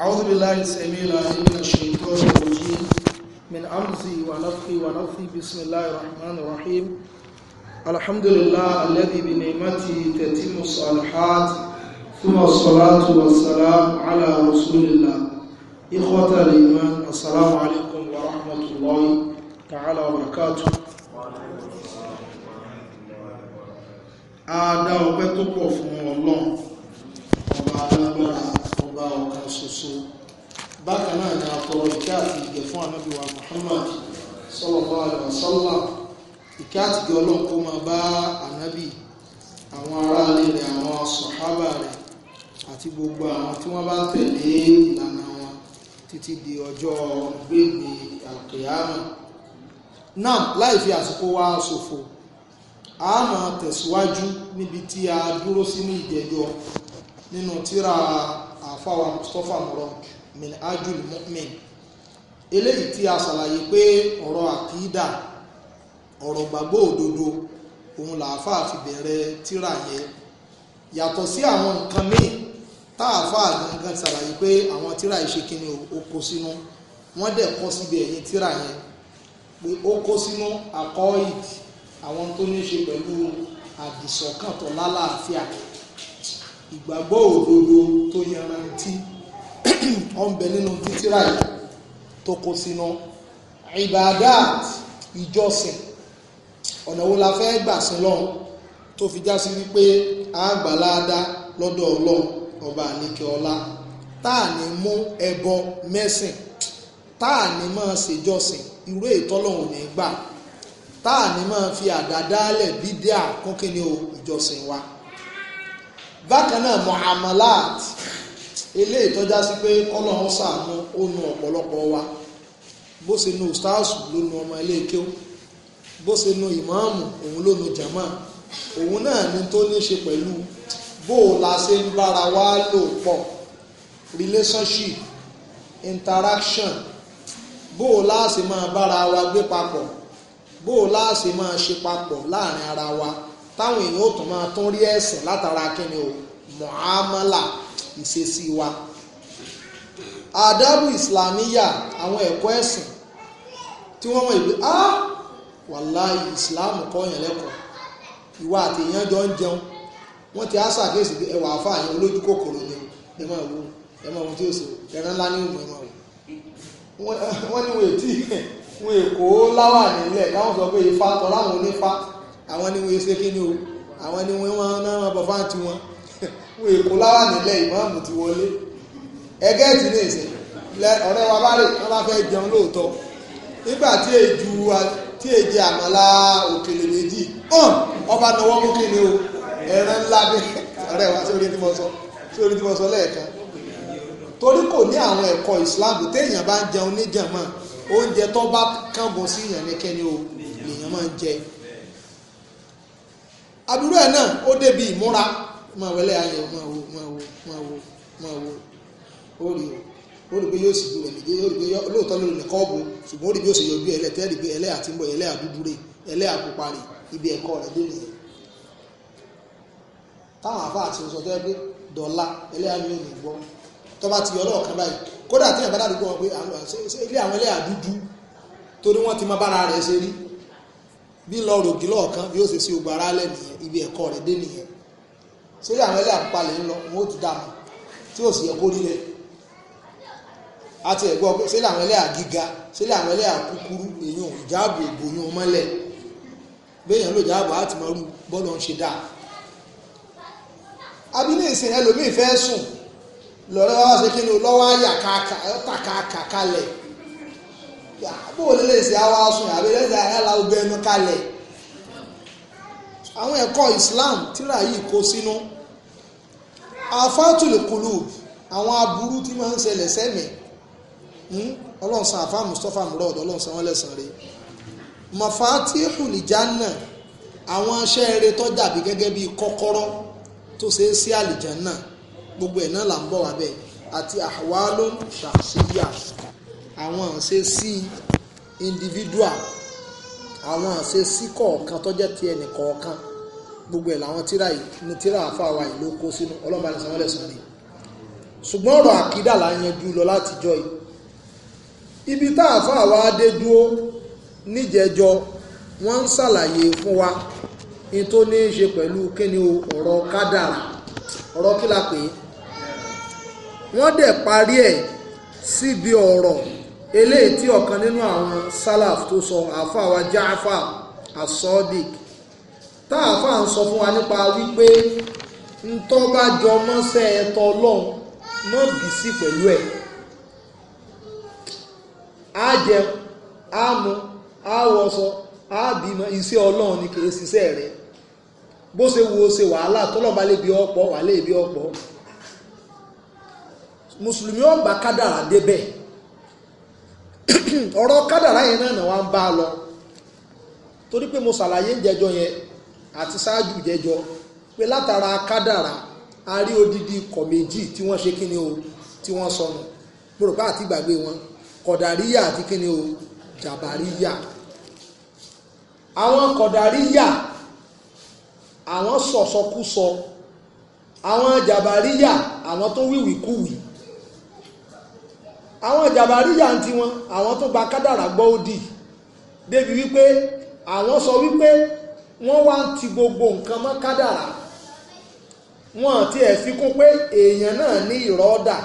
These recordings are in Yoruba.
أعوذ بالله السميع العليم من الشيطان الرجيم من أمزي ونفخي ونفخي بسم الله الرحمن الرحيم الحمد لله الذي بنعمته تتم الصالحات ثم الصلاة والسلام على رسول الله إخوة الإيمان السلام عليكم ورحمة الله تعالى وبركاته Adá ọpẹ́ tó pọ̀ fún Ọlọ́run, ọ̀kan ṣoṣo bákan náà ni àtọ̀rọ̀ ìkẹ́ àti ìgẹ̀ fún ànábì wa Muhammad sallallahu alaihi wasallam ìkẹ́ àti ìgẹ̀ ọlọ́run kó máa bá ànábì àwọn aráalé rẹ̀ àwọn sọ̀hábà rẹ̀ àti gbogbo àwọn tí wọ́n bá tẹ̀lé ìlànà wọn títí di ọjọ́ gbèbè àkèyàmù náà láì fi àsìkò wa ṣòfò a máa tẹ̀síwájú níbi tí a dúró sí ní nínú tírà àfáwà Mustapha Murad minhajul mu'min eléyìí tí a ṣàlàyé pé ọ̀rọ̀ àkídà ọ̀rọ̀ gbàgbọ́ òdodo òun làáfáà fi bẹ̀rẹ̀ tírà yẹn yàtọ̀ sí àwọn nǹkan míì táàfáà gangan ṣàlàyé pé àwọn tírà yìí ṣe kíni ó kó sínú wọ́n dẹ̀ kọ́ síbi ẹ̀yìn tírà yẹn pé ó kó sínú àkọ́ìdì àwọn tó ní ṣe pẹ̀lú àdìsọ́kàn tó lálàáfíà ìgbàgbọ́ òdodo tó yanrantí ọ̀nbẹ nínú títíra yìí tó kó sínú ibadat ìjọsìn ọ̀nà wo la fẹ́ gbà sí lọ́hùn tó fi já sí wípé a gbà láadá lọ́dọ̀ ọlọ́run ọba àníkè ọlá táà ní mú ẹbọ mẹ́sìn táà ní máa ṣèjọsìn irú ìtọ́lọ́hùn ní gbà táà ní máa fi àdádálẹ̀ bídíà kún kí ni o ìjọsìn wa bákan náà muamalat ilé ìtọ́já sí pé kọ́lọ́hún sàánú ó nu ọ̀pọ̀lọpọ̀ wa bó ṣe nu ustaasu ló nu ọmọ ilé ike ó bó ṣe nu ìmáàmù òun ló nu jama òun náà ni tó ní ṣe pẹ̀lú bó o la ṣe ń bára wa lò pọ̀ relationship interaction bó o la ṣe máa bára wa gbé papọ̀ bó o la ṣe máa ṣe papọ̀ láàrin ara wa táwọn èèyàn ó tún máa tún rí ẹ̀sìn látara kíni o muamala ìṣesí wa adabu islamiya àwọn ẹ̀kọ́ ẹ̀sìn tí wọ́n mọ̀ ìgbé ah wàláì islam kọ́yàn lẹ́kọ̀ọ́ ìwà àti èèyàn jọ ń jẹun wọ́n ti á ṣàkíyèsí pé ẹwà àfààyàn olójú kòkòrò ni ẹ máa wo ẹ máa wo tí ó ṣe ẹran ńlá ní ìmọ̀ ẹ máa wo wọ́n ní wọ́n ètí wọn èkó láwà nílẹ̀ láwọn sọ pé ifá tọ́ láwọn onífá àwọn ni wọ́n ṣe kí ni o àwọn ni wọ́n náà bọ̀ fáǹtì wọn fún èkó láwà nílẹ̀ ìmáàmù ti wọlé ẹgẹ́tì ní ìsìn ọ̀rẹ́ wa bá rè wọ́n bá fẹ́ jẹun lóòótọ́ nígbà tí èjù tí èjì àmàlà òkèlè méjì hàn ọba náwó mú kí ni o ẹran ńlá bí ọ̀rẹ́ wa sórí tí mo sọ sórí tí mo sọ lẹ́ẹ̀kan torí kò ní àwọn ẹ̀kọ́ ìsìláàmù téèyàn bá ń jẹun níjàmọ́ oúnjẹ tó bá kángun sí ìyàn ní o lèèyàn máa ń jẹ àdúrà náà ó débi ìmúra máa wọlé ayẹ o máa wo máa wo máa wo máa wo ó rí o ó rí pé yóò sì ju rẹ méje ó rí pé lóòótọ́ ló lè kọ́ ọ̀bù ṣùgbọ́n ó rí bí ó sì yọjú ẹlẹ́ tẹ́ rí pé ẹlẹ́ àti ń bọ̀ ẹlẹ́ àdúdú rè ẹlẹ́ àpupa rè ibi ẹ̀kọ́ rẹ̀ dé nìyẹn táwọn àfa àti sọ tó yẹ pé dọ̀la ẹlẹ́ àmì ò ní gbọ́ tó bá ti yọ lọ́ọ̀kan báyìí kódà tí ìyàbá dàdúgbò wọn pé ilé àwọn ẹlẹ́ àdúdú torí wọ́n ti mọ bára rẹ̀ ṣe rí bí lọ́ọ̀rọ̀ ògì lọ́ọ̀kan bí ó ṣe sí ogun ara lẹ̀ nìyẹn ibi ẹ̀kọ́ rẹ̀ dé nìyẹn sórí àwọn ẹlẹ́yà ń palẹ̀ ń lọ wọn ó ti dá tí ò sì yẹ kó àti ẹ̀gbọ́n pé àwọn ẹlẹ́yà gíga sílẹ̀ àwọn ẹlẹ́yà kúkúrú èèyàn ìjáàbò ìbòyún béèyàn ló jáàbò bọ́ọ̀lù ń ṣe abilé ìsìn ẹlòmíì fẹ́ sùn wá ṣe kí ni lọ́wọ́ àyà kàkà kalẹ̀ bó o lè ṣe àyàlá ọgbẹ́nu kalẹ̀ àwọn ẹ̀kọ́ Islam tíra yìí kó sínú. àfáàtúlù kùlù àwọn aburú tí máa ń ṣẹlẹ̀ sẹ́mìí hmm? ọlọ́run san àfáà mustapha murad ọlọ́run san wọ́n lẹ́sàn rẹ̀ mafatihul janna àwọn aṣẹ́ eré tó dàbí gẹ́gẹ́ bíi kọ́kọ́rọ́ tó ṣe é sí àlìjánà gbogbo ẹ̀ náà là ń bọ̀ wá bẹ́ẹ̀ àti ahwalun shakhsiyya àwọn àṣẹ sí individual àwọn àṣẹ sí kọ̀ọ̀kan tó jẹ́ ti ẹnì kọ̀ọ̀kan gbogbo ẹ̀ làwọn tíra yìí ní tíra àfàwà yìí ló kó sínú ọlọ́mọba ní sanwó lẹ́sàn ni ṣùgbọ́n ọ̀rọ̀ àkídà là ń yanjú lọ látijọ́ yìí ibi tá àfàwà dé dúró níjẹjọ wọ́n ń ṣàlàyé fún wa ní tó ní í ṣe pẹ̀lú kíni ọ̀rọ̀ kádàrà ọ̀rọ̀ kí la wọ́n dẹ̀ parí ẹ̀ síbi ọ̀rọ̀ eléyìí tí ọ̀kan nínú àwọn sálàf tó sọ àfàwà jáfà asọ́dìkì táàfà ń sọ fún wa nípa wípé ntọ́ bá jọ ẹ̀tọ́ ọlọ́run mọ́ bì sí pẹ̀lú ẹ̀ á jẹ á mu á wọṣọ á bímọ iṣẹ́ ọlọ́run ni kìí ṣiṣẹ́ rẹ̀ bó ṣe wo ṣe wàhálà tọ́lọ́ba lè bí ọ̀pọ̀ wà lè bí ọ̀pọ̀ mùsùlùmí ọgbà kádàrà débẹ̀ ọ̀rọ̀ kádàrà yẹn náà wà ń bá a lọ torí pé mo ṣàlàyé ń jẹjọ yẹn àti ṣáájú jẹjọ pé látara kádàrà a rí odidi ikọ̀ méjì tí wọ́n ṣe kíni o tí wọ́n sọnù gbòròpá àti ìgbàgbé wọn kọ̀dàríyà àti kíni o jàbàríyà àwọn kọ̀dàríyà àwọn sọ̀sọkúsọ àwọn jàbàríyà àwọn tó wíwìkúwì àwọn jàbàríyà ń tiwọn àwọn tó gba kádàrà gbọ́ òdì débi wípé àwọn sọ wípé wọ́n wá ń ti gbogbo nǹkan mọ́ kádàrá wọ́n ti ẹ̀ fi kún pé èèyàn náà ní ìrọ́dà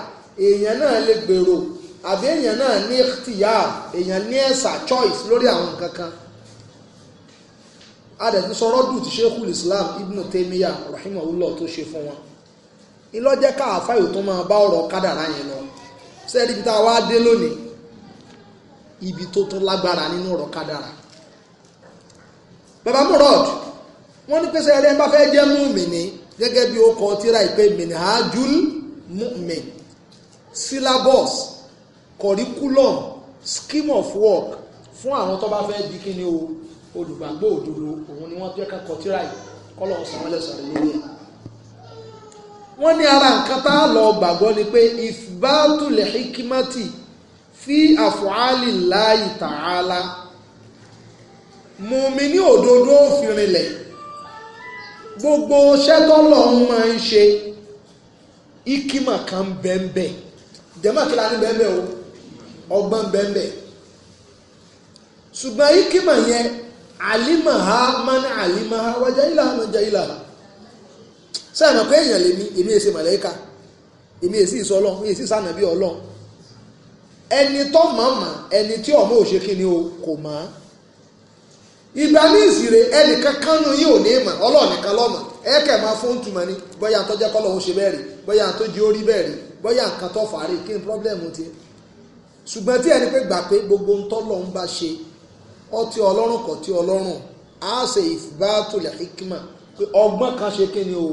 èèyàn náà lè gbèrò àbí èèyàn náà ní tìyà èèyàn ní ẹ̀sà choice lórí àwọn nǹkan kan adẹ̀tí sọ̀rọ̀ dùn ti Sheikhul Islam Ibn Taymiyyah rahimahullah tó ṣe fún wọn ìlọ́jẹ́ káàfá yóò tó máa bá ọ̀rọ̀ kádàrá yẹn lọ sẹ́ẹ̀dì ibi tá a wá dé lónìí ibi tó tún lágbára nínú ọ̀rọ̀ kádàrá bàbá murad wọ́n ní pèsè ẹ̀rẹ́ bá fẹ́ jẹ́ múmìnì gẹ́gẹ́ bí ó kọ tíra ìpè minhajul mu'min syllabus curriculum scheme of work fún àwọn tó bá fẹ́ di kí ni o olùgbàgbọ́ òdodo òun ni wọ́n jẹ́ ká kọ tíra yìí kọ́lọ̀ ọ̀sán lẹ́sàn-án lórí ẹ̀ wọ́n ní ara nǹkan tá a lọ gbàgbọ́ ni pé ìfìbátulẹ̀ hikimati fi àfọ̀hálì láì tààlà mùmí ní òdodo òfin rinlẹ̀ gbogbo ṣẹ́tọ́lọ̀ ń máa ń ṣe ikima kan bẹ́ẹ̀nbẹ́ jẹ́mọ̀ kí la ní bẹ́ẹ̀nbẹ́ o ọgbọ́n bẹ́ẹ̀nbẹ́ ṣùgbọ́n ikima yẹn alimaha man alimaha wájà ilà man jà ilà sẹ́yìn pé èèyàn lèmi èmi èsì màlẹ́kà èmi èsì ìsọlọ́ èmi èsì sànàbí ọlọ́ ẹni tó mọ̀ọ́mọ̀ ẹni tí ọmọ òṣèkí o kò mọ̀ọ́ ìgbà ní ìsìrè ẹnì kankan nu yìí ò ní ma. ọlọ́ọ̀nìkan lọ́mọ ẹ kẹ̀ máa fún tùmọ̀ ni bóyá tó jẹ́ kọ́lọ́ òun ṣe bẹ́ẹ̀ rí bóyá tó jẹ́ orí bẹ́ẹ̀ rí nǹkan tó fà á rí kí ni ti ṣùgbọ́n tí ẹni pé gbogbo ń tọ́lọ̀ ń bá ṣe ọtí ọlọ́run kọ̀ tí ọlọ́run á ṣe pé ọgbọ́n kan ṣe o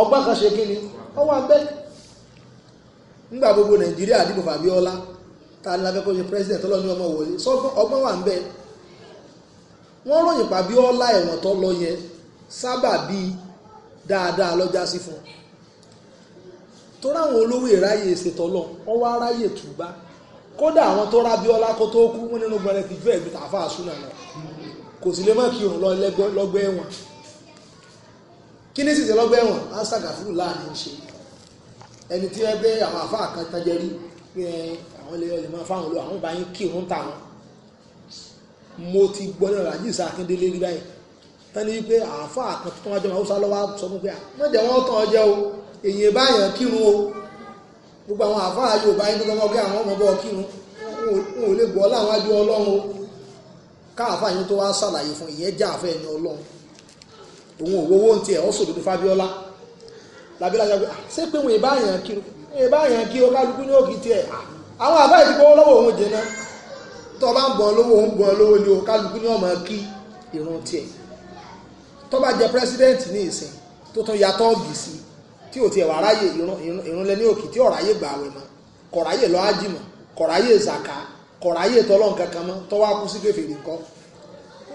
ọgbọ́n kan ṣe kí ni ọ wọ́n ròyìn pàbí ọlá ẹ̀wọ̀n tó lọ yẹn sábà bíi dáadáa lọ́jà sí fún un tó ráwọn olówó ìráyè ìṣètọ́lọ̀ wọ́n wá ráyè tùbá kódà àwọn tó rábí ọlá kó tó kú wọn nínú gbọ́dọ̀ ti bẹ́ẹ̀ gbìtà fáà súnà lọ kò sì lè má kí òun lọ lọ́gbẹ́ ẹ̀wọ̀n kí ní sì ṣe lọ́gbẹ́ ẹ̀wọ̀n ánsàgà fún láàrin ń ṣe ẹni tí wọ́n gbé àwọn àfáà kan tán jẹ́rí pé àwọn ilé ọlẹ́mọ̀ fáwọn olówó àwọn bá yín kí òun tà wọn mo ti gbọ́ ní ọ̀rọ̀ àjíṣà akíndélé rí báyìí tán ní wípé àáfàá kan tó wájú haúsá lọ́wọ́ sọ fún pé à wọ́n jẹ́ wọ́n tàn jẹ́ o èyí báyàn kírun o gbogbo àwọn àáfàá yorùbá yín tó gbọ́ àwọn ọmọ bọ́ kírun wọn ò lè gbọ́ láwọn ajú ọlọ́run o káàfàá yín tó wá ṣàlàyé fún ìyẹn já àfẹ́ ẹni ọlọ́run òun ò wọ́wọ́ tiẹ̀ ó sòdodo fábíọ́lá làbílà jẹ́ pé tó bá ń bọ̀ lówó ń bọ̀ lówó ni o kálukú ní ọmọ kí irun tiẹ̀ tó bá jẹ pírẹsidẹ́ǹtì ní ìsìn tó tún ya tọ́ọ̀gì sí tí ò tiẹ̀ wà ráyè irun lẹ́ni òkè tí ọ̀ráyè gbà wẹ̀ mọ́ kọ̀ráyè lọ́ ájìmọ̀ kọ̀ráyé ìsàkà kọ̀ráyé tọ́lọ́n kankan mọ́ tọ́wọ́ akú sí kèfèrè nǹkan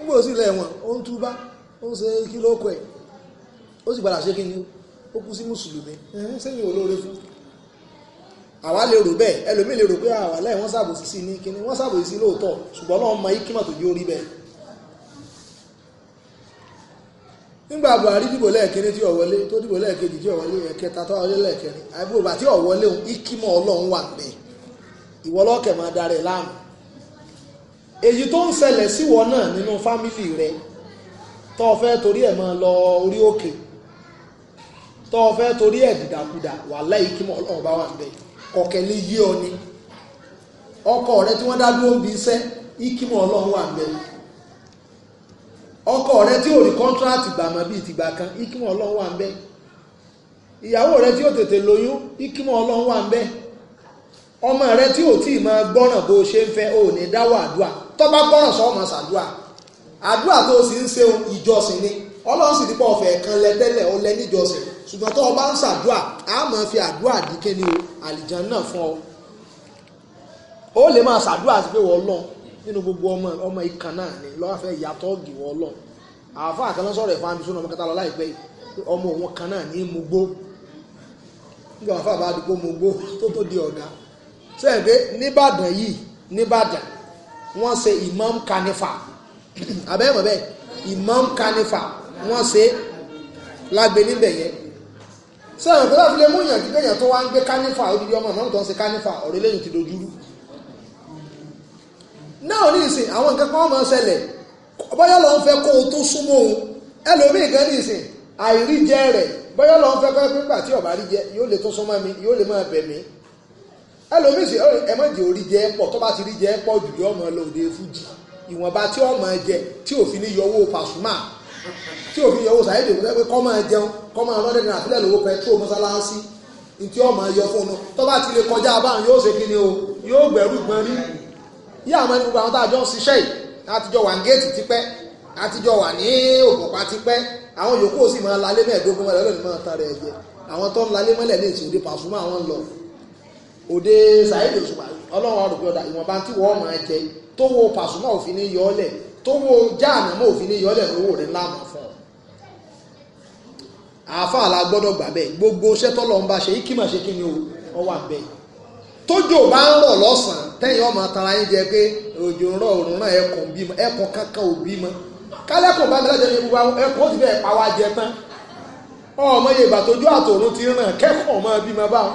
ń gbò sílẹ̀ wọn ó ń túbá ó ń ṣe kí ló kọ ẹ̀ ó sì padà ṣe kí ni ó kú sí mùsùlùmí sẹ́yìn olóore fún àwa lè rò bẹ́ẹ̀ ẹlòmíì lè rò pé àwa ah, lẹ́yìn wọ́n ṣàbòsí sí ní kíní wọ́n ṣàbòsí sí lóòótọ́ ṣùgbọ́n náà mọ ikímọ̀ tó yóò rí bẹ́ẹ̀. nígbà Buhari dìbò lẹ́ẹ̀kíní tí ọ̀wọ́lé tó dìbò lẹ́ẹ̀kejì tí ọ̀wọ́lé ẹ̀kẹta tó ọ̀wọ́lé lẹ́ẹ̀kẹrin àbúrò bàtí ọ̀wọ́lé òun ikímọ̀ ọlọ́run wà bẹ́ẹ̀ ìwọ lọ́kẹ̀ máa darẹ̀ láàmú èyí tó ń ṣẹlẹ̀ síwọ náà nínú fámìlì rẹ tó o fẹ́ torí ẹ̀ máa lọ orí òkè tó o fẹ́ torí ẹ̀ dìdàkudà wàhálà ikímọ̀ ọlọ́run bá wà bẹ́ẹ̀ kọ̀kẹ́lé yí ọ ni ọkọ rẹ tí wọ́n dá dúró ń bi iṣẹ́ ìkímọ̀ ọlọ́run wà bẹ́ẹ̀ ọkọ rẹ tí ò rí kọ́ńtíráàtì gbàmọ́ bíi tìgbà kan ìkímọ̀ ọlọ́run wà bẹ́ẹ̀ ìyàwó rẹ tí ò tètè lóyún ìkímọ̀ ọlọ́run wà bẹ́ẹ̀ ọmọ rẹ tí ò tí ì máa gbọ́ràn bó ṣe ń fẹ́ ò ní dáwọ́ àdúà tó bá gbọ́ràn sọ́ọ́ máa ṣàdúà àdúà tó sì ń ṣe ìjọsìn ni. ọlọ́run sì nípa ọ̀fẹ́ kan lẹ tẹ́lẹ̀ ó lẹ níjọsìn ṣùgbọ́n tó o bá ń ṣàdúà á máa fi àdúà díkẹ́ ni o àlìjàn náà fún ọ ó lè máa ṣàdúà sí pé wọ́n lọ nínú gbogbo ọmọ ọmọ ìkan náà ni lọ́wọ́ fẹ́ yàtọ̀ gì wọ́n lọ àáfà àkànlọ́ sọ̀rọ̀ ẹ̀fọ́ àmì sónà ọmọ kẹta lọ láìpẹ́ ọmọ òun kan náà ní mú gbó nígbà àáfà bá dùgbò mú gbó tó tó di ọ̀gá sẹ́yìn pé nìbàdàn yìí nìbàdàn wọ́n ṣe imam kanifa abẹ́mọ̀ bẹ́ẹ̀ imam kanifa wọ́n ṣe lágbe níbẹ̀ yẹn sẹ́yìn tó láti lè mú yàn kíkẹ́yàn tó wá ń gbé kánífà odidi ọmọ ìmọ̀ tó ń ṣe kánífà ọ̀rẹ́ lẹ́yìn ti dojú rú náà ní ìsìn àwọn nǹkan kan máa ń ṣẹlẹ̀ bọ́yọ̀ lọ ń fẹ́ kó o tó súnmọ́ òun ẹlòmíì gan ní ìsìn àìríjẹ rẹ̀ bọ́yọ̀ lọ ń fẹ́ kọ́ pé nígbà tí ọ̀bá rí jẹ yóò lè tó súnmọ́ mi yóò lè máa bẹ̀ mí ẹlòmíì sì ẹ má jẹ́ orí jẹ pọ̀ tó bá ti rí jẹ pọ̀ jù yọ ọmọ lọ òde fújì ìwọ̀nba tí ọmọ jẹ tí òfin ní tí òfin yọwọ́ sàyẹ́dì òkú pé kọ́ máa jẹun kọ́ máa lọ́dẹ̀ ní àfilẹ̀ lówó pẹtrol mọ́sálásí ntí ọmọ ayọ fún un tó bá ti lè kọjá abáhùn yóò ṣe kíni o yóò gbẹ̀rú gbọ́n rí yí àwọn ẹni gbogbo àwọn tá a jọ ń ṣiṣẹ́ yìí àtijọ́ wà ní géètì tipẹ́ àtijọ́ wà ní òkùnpá tipẹ́ àwọn yòókù sì máa lalé mẹ́ẹ̀ẹ́dógún wọn lọ́dẹ̀ ní máa tara ẹ̀ jẹ àwọn tó ń lalé mọ́lẹ̀ ní èsì òde pàṣùmọ́ àwọn ń lọ òde sàyẹ́dì òṣùpá ọlọ́run ọ̀rùn tó wo jáàmù mọ́ òfin ní ìyọ́lẹ̀ lówó rẹ̀ ńlá mọ̀ fún ọ àáfà la gbọ́dọ̀ gbà bẹ́ẹ̀ gbogbo iṣẹ́ tọ́lọ́ ń bá ṣe ikí mà ṣe kí ni ó wà bẹ́ẹ̀ tójò bá ń rọ̀ lọ́sàn-án tẹ́yìn ọmọ tara yín jẹ pé òjò ń rọ̀ òrùn náà ẹkùn bímọ ẹkùn kankan ò bímọ kálẹ́kùn bá mi lájọ ní gbogbo ẹkùn ó ti bẹ́ẹ̀ pa wá jẹ tán ọmọ yorùbá tójú àtòrun ti ràn kẹ́kọ̀ọ́ mọ́ bímọ báwọn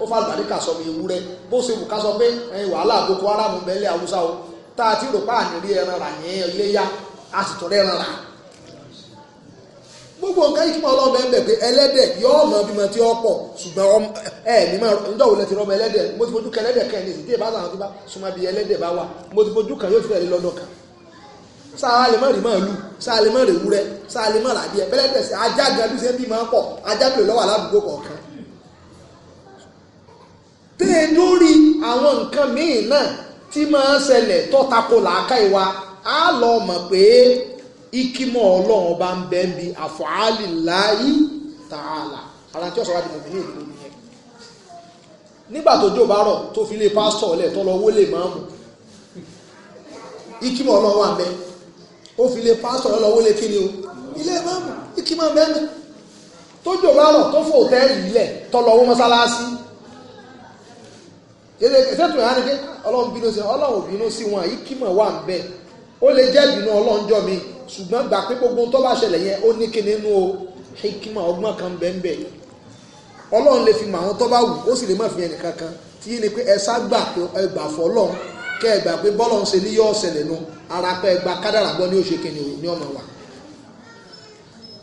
ó fà lùbáríkà sọmọ ewúrẹ́ bó ṣe wù ká sọ pé wàhálà àgbòkọ aráàmù bẹ́lẹ̀ haúsá o tá a ti rò pa àníri ẹran rà ní iléyà a sì tọrẹ ẹran rà gbogbo nǹkan yìí kíkọ́ ọlọ́run bẹ́ẹ̀ pé ẹlẹ́dẹ̀ yóò mọ bímọ tí ó pọ̀ ṣùgbọ́n ẹ ní mọ níjọ́ òun lẹ ti rọmọ ẹlẹ́dẹ̀ mo ti fojú kan ẹlẹ́dẹ̀ kan ní ìsìtì ìbáṣà àwọn tí bá súnmọ́ bí ẹlẹ́dẹ̀ bá wà mo ti fojú kan yóò ti fẹ́ẹ̀ lọ́dọ̀ kan sáà lè mọ̀ rí mọ̀ tẹ́ ẹ lórí àwọn nǹkan míì náà tí máa ń ṣẹlẹ̀ tọ́tako làákàyè wa á lọ mọ̀ pé ikimọ̀ ọlọ́run ọba ń bẹ́ ń bi àfọ̀hálì láyé tààlà ara tí ọ̀sán wa ti mọ̀ mí ní ìlú nìyẹn nígbà tó jò bá rọ̀ tó fi lé pásítọ̀ ọ̀lẹ̀ tó lọ wọlé máàmù ikimọ̀ ọlọ́run wà mẹ́ ó fi lé pásítọ̀ ọ̀lẹ̀ wọlé kí ni o ilé máàmù ikimọ̀ mẹ́nu tó jò bá rọ̀ tó fò tẹ́ẹ̀lì ilẹ̀ tó lọ wọ mọ́sálásí kéde ìṣètò ìhánni pé ọlọ́run bínú sí ọlọ́run bínú sí wọn yìí kímọ̀ wà ń bẹ́ẹ̀ ó lè jẹ́ ìbínú ọlọ́run jọ mi ṣùgbọ́n gbà pé gbogbo tó bá ṣẹlẹ̀ yẹn ó ní kíni nínú o hikima ọgbọ́n kan bẹ́ẹ̀ ọlọ́run lè fi mọ àwọn tó bá wù ó sì lè má fi ẹnì kankan tí yìí ni pé ẹ sá gbà pé ẹ gbà fọ́ ọlọ́run kẹ́ ẹ gbà pé bọ́lọ̀ ń ṣe ní yọ́ ọ̀sẹ̀lẹ̀ nu ara pé ẹ gba kádàrà gbọ́ ní oṣù kìnìún ní ọ̀nà wa.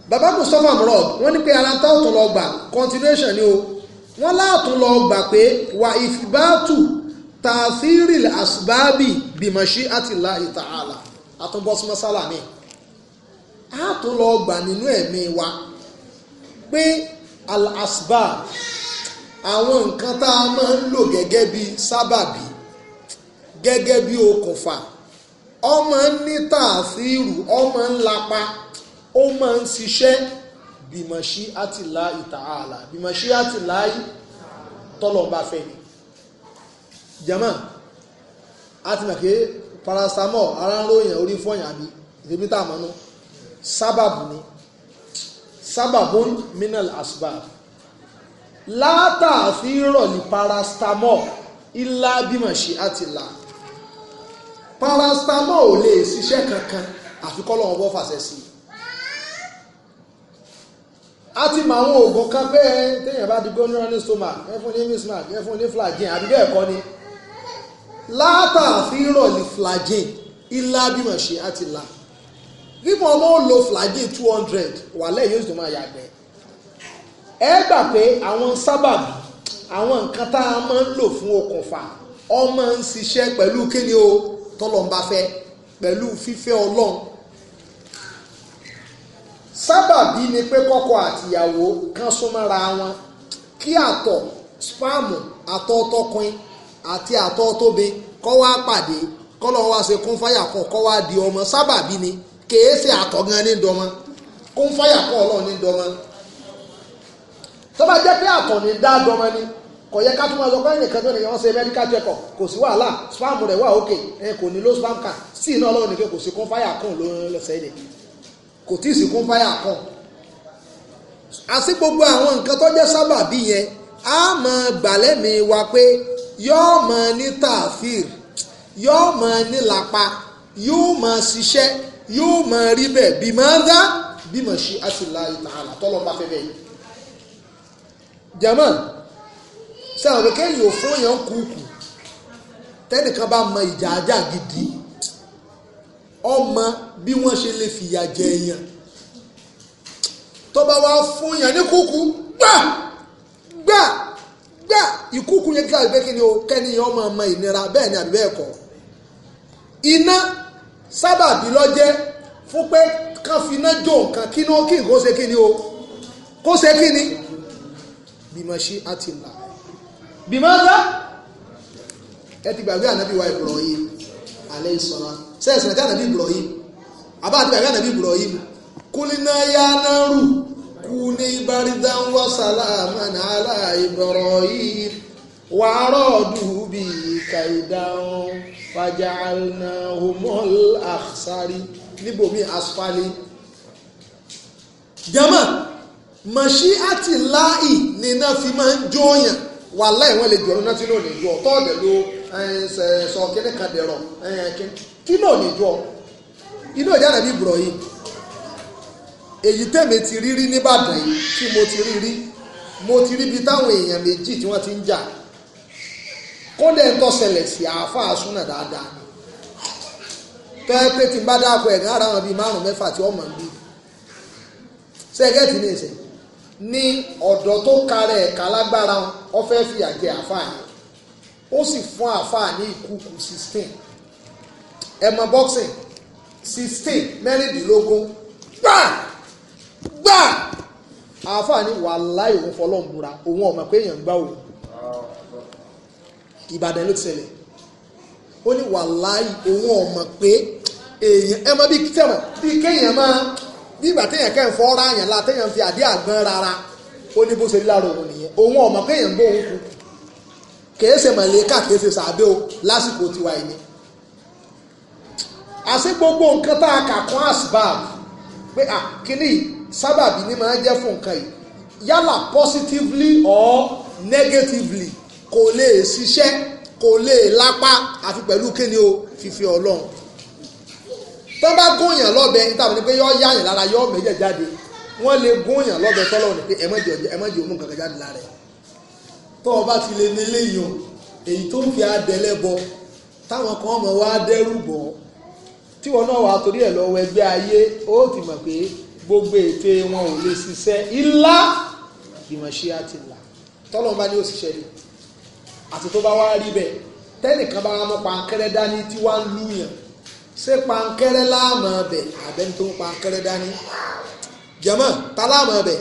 bàbá Mustapha Murad wọ́n ní pé ara táwọn tó lọ gbà continuation ni o wọ́n láàtún lọ gbà pé wà ìfìbátù tààfírì àsìbábì bìmọ̀ṣí àtìláhi ta'ala àtúnbọ́símọ́sálà mi àtún lọ gbà nínú ẹ̀mí wa pé al-asbab àwọn nǹkan tá a máa ń lò gẹ́gẹ́ bí sábàbí gẹ́gẹ́ bí okùnfà ọmọ ń ní tààfírù ọmọ ń lapa ó máa ń ṣiṣẹ́ bìmọ̀ṣí àtìlá ìtààlà bìmọ̀ṣí àtìlá tọ́lọ̀mbà fẹ́ ni jama àti màkè paracetamol ara ń ròyìn orí fọyín àbí ìdébí tá a mọ̀ nù sábàbù ni sábàbù minal asbab látàfi rọ̀lì paracetamol ilá bìmọ̀ṣí àtìlá paracetamol ò lè ṣiṣẹ́ kankan àfikọ́ lọ́wọ́ bọ́ fàṣẹ sí i a ti mọ àwọn oògùn kan pé téèyàn bá di gómìnà ní stomach ẹ fún ní mismark ẹ fún ní flagyl àbí bẹ́ẹ̀ kọ́ ni látàfíràn ní flagyl ilá bímọ ṣe á ti la bímọ ọmọ ò lo flagyl two hundred wàhálẹ̀ yóò tó máa yàgbẹ́ ẹ gbà pé àwọn sábàbí àwọn nǹkan tá a máa ń lò fún okùnfà ọmọ ń ṣiṣẹ́ pẹ̀lú kíni o tọ́lọ́mbafẹ́ pẹ̀lú fífẹ́ ọlọ́run sábàbí ni pé kọ́kọ́ àtìyàwó kan súnmọ́ra wọn kí àtọ̀ spáàmù àtọ̀ tọkùnrin àti àtọ̀ tóbe kọ́ wá pàdé kọ́lọ́ wá ṣe kún fáyà kan kọ́ wá di ọmọ sábàbí ni kèé ṣe àtọ̀ gan ní dọmọ kún fáyà kan ọlọ́run ní dọmọ tó bá jẹ́ pé àtọ̀ ní dá dọmọ ni kò yẹ ká tún máa sọ pé ẹnìkan tó nìyẹn wọ́n ṣe medical check up kò sí wàhálà spam rẹ̀ wà òkè ẹ kò ní low spam card sí iná ọlọ́run nìkan kò sí kún fáyà kan ló ń lọ sẹ́yìn kò tí ì sí kún fáyà kan àti gbogbo àwọn nǹkan tó jẹ́ sábàbí yẹn a máa gbàlẹ́mì wa pé yọ́ọ́ máa ní tààfíìr yọ́ọ́ máa ní làpá yóò máa ṣiṣẹ́ yóò máa rí bẹ́ẹ̀ bí máa dá bí mà ṣe àṣìlá ìtàhàlà tọ́lọ́ bá fẹ́ bẹ́ẹ̀ jẹ́mọ̀ sáwọn kékeré yóò fún yàn kúkú tẹ́nìkan bá mọ ìjà ajá gidi ọmọ bí wọ́n ṣe lè fìyà jẹ èèyàn tọ́ba wa fún yàn ní kúkú gbà gbà gbà ìkúkú yẹn kíláàsì pé kí ni o kẹ́niyàn ọmọ ọmọ ìnira bẹ́ẹ̀ ni àbí bẹ́ẹ̀ kọ́ iná sábàbí lọ́jẹ́ fún pé ká fi iná jó nǹkan kí ni kí nǹkan ó ṣe kí ni o kó ṣe kí ni bímọ ṣe á ti là bímọ ṣá ẹ ti gbàgbé ànábìwá Ibrahim alayhi salam sẹ́ẹ̀sì rẹ̀ tánàbí Ibrahim àbáàdì bàbá tánàbí Ibrahim kúlínà yá náà rù kú ní baridan wa salaman ala Ibrahim wà á rọ̀ọ̀dù bí kaidan fajalna humul akhsari níbòmí asfali. jama mọ̀ṣí àti láì ni iná fi máa ń jóyàn wàhálà ìwọ̀n lè jọ̀rọ̀ náà tí lónìí jọ tọ́ọ̀dẹ̀ ló sọ kíní kan dẹ̀rọ̀ kí náà ní jọ inú ìjà nàbí Ibrahim èyí tèmi ti rí rí nìbàdàn yìí tí mo ti rí rí mo ti rí ibi táwọn èèyàn méjì tí wọ́n ti ń jà kódà ń tọ́sẹ̀lẹ̀ sí àáfàá súnà dáadáa tọ́ẹ́ pé tí n bá dáko ẹ̀gán ara wọn bíi márùn mẹ́fà tí ọmọ ń bí sẹ́gẹ́tì ní ìsẹ̀ ní ọ̀dọ́ tó karẹ̀ ẹ̀ka lágbára wọn fẹ́ fìyà jẹ àáfàá yẹn ó sì fún àáfàá ní ìkúkú sixteen ẹ mọ boxing sixteen mẹ́rìndínlógún gbà gbà àáfàá ni wàláì òun fọlọ́n búra òun ọ̀mọ̀ pé èèyàn gbá òun ìbàdàn ló ti ṣẹlẹ̀ ó ní wàláì òun ọ̀mọ̀ pé èèyàn ẹ mọ bí tẹ̀mọ̀ bí kéèyàn máa bí ìgbà téèyàn kẹ́ ń fọ́ ra àyàn la téèyàn fi àdé àgbọn rárá ó ní bó ṣe rí lára òun nìyẹn òun ọ̀mọ̀ kéèyàn gbó òun kú kèé ṣe mọ̀lẹ́kà kèé ṣe sàbẹ́ o lásìkò tiwa yìí àṣé gbogbo nǹkan tá a kà kún asbab pé à kíní sábàbí ni máa jẹ́ fún nǹkan yìí yálà positively or negatively kò lè ṣiṣẹ́ kò lè lápá àfi pẹ̀lú kíni o fífi ọlọ́run tó bá gúnyàn lọ́bẹ ìtàbí ni pé yọ yáyàn lára yọ mẹ́jẹ̀ jáde wọ́n lè gúnyàn lọ́bẹ tọ́lọ́run ni pé ẹ̀mọ́jì òmù kankan jáde lára ẹ̀ tó o bá ti lè nílé yàn èyí tó ń fi adẹ́lẹ́ bọ táwọn kan mọ̀ wá dẹ́rù bọ̀ ọ́ tí wọn náà wàá torí ẹ̀ lọ wọ ẹgbẹ́ ayé ó ti mọ̀ pé gbogbo ète wọn ò lè ṣiṣẹ́ ilá ìmọ̀ṣe àti ìlà tọ́lọ́n bá ní ó ṣiṣẹ́ ni àti tó bá wá rí bẹ́ẹ̀ tẹ́nìkan bá wá mú pankẹ́rẹ́ dání tí wá ń lùyàn ṣé pankẹ́rẹ́ láàmú ọbẹ̀ àbẹ́ni tó mú pankẹ́rẹ́ dání jẹ̀mọ́ ta láàmú ọbẹ̀